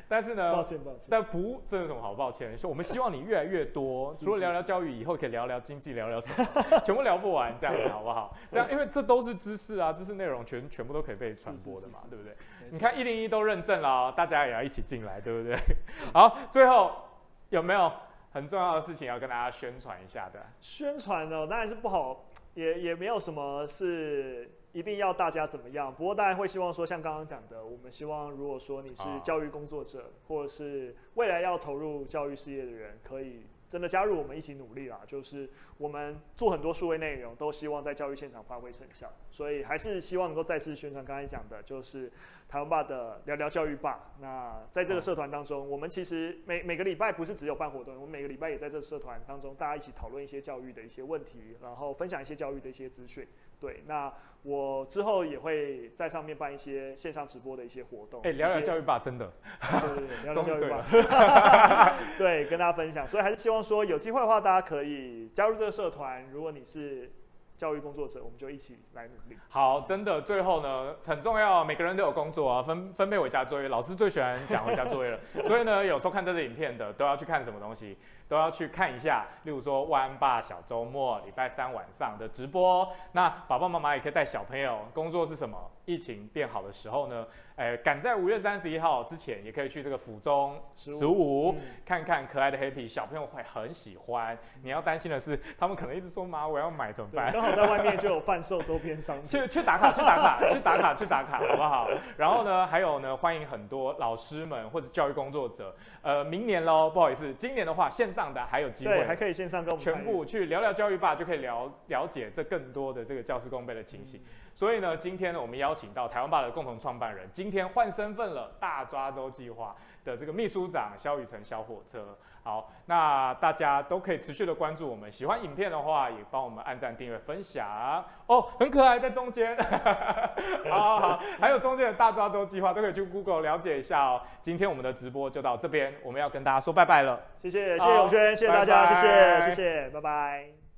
Speaker 1: 但是呢，抱歉抱歉，但不真的什麼好抱歉，說我們希望你越來越多，除了聊聊教育以後，可以聊聊經濟，聊聊什麼，全部聊不完，這樣子好不好？這樣，因為這都是知識啊，知識內容全全部都可以被傳播的嘛，對不對？你看一零一都認證了，大家也要一起進來，對不對？好，最後有沒有？很重要的事情要跟大家宣傳一下的。
Speaker 2: 宣傳呢，當然是不好，也也沒有什麼，是一定要大家怎麼樣。不過大家會希望說，像剛剛講的，我們希望如果說你是教育工作者，或者是未來要投入教育事業的人，可以。真的加入我們一起努力啦！就是我們做很多數位內容，都希望在教育現場發揮成效，所以還是希望能夠再次宣傳剛才講的，就是臺灣吧的聊聊教育吧。那在這個社團當中，嗯、我們其實每每個禮拜不是只有辦活動，我們每個禮拜也在這個社團當中大家一起討論一些教育的一些問題，然後分享一些教育的一些資訊。對，那我之後也會在上面辦一些線上直播的一些活動。哎、欸，接聊聊教育吧，真的， 啊、對對對聊聊教育吧，對， 對，跟大家分享。所以還是希望說，有機會的話，大家可以加入這個社團。如果你是教育工作者，我們就一起來努力。
Speaker 1: 好，真的，最後呢，很重要，每個人都有工作啊，分，分配回家作業。老師最喜歡講回家作業了， 所以呢，有收看這支影片的，都要去看什麼東西，都要去看一下。例如說，灣吧小周末禮拜三晚上的直播，那爸爸媽媽也可以帶小朋友。工作是什麼？疫情變好的時候呢，哎，趕在五月三十一號之前，也可以去這個府中十五看看可愛的黑皮小朋友會很喜歡。你要擔心的是，他們可能一直說媽我要買怎麼辦？剛好在外面
Speaker 2: 就有販售周邊商品去去打卡，去打卡，
Speaker 1: 去打卡，去打卡，好不好？然後呢，還有呢，歡迎很多老師們或者教育工作者。呃，明年嘍，不好意思，今年的話，線上的還有機會，對，還可
Speaker 2: 以線上跟我們全部
Speaker 1: 去聊聊教育吧，就可以了解這更多的這個教師共備的情形。所以呢，今天呢，我們邀請到臺灣吧的共同創辦人，今天換身份了，大抓周計劃的這個秘書長蕭宇辰。小火車。好，那大家都可以持續的關注我們，喜歡影片的話，也幫我們按贊、訂閱、分享哦。很可愛，在中間。好 好，好好 還有中間的大抓周計劃都可以去 Google 了解一下哦。今天我們的直播就到這邊，我們要跟大家說拜拜了。謝謝，哦、謝謝永軒，謝謝大家，拜拜謝謝，謝
Speaker 2: 謝，拜拜。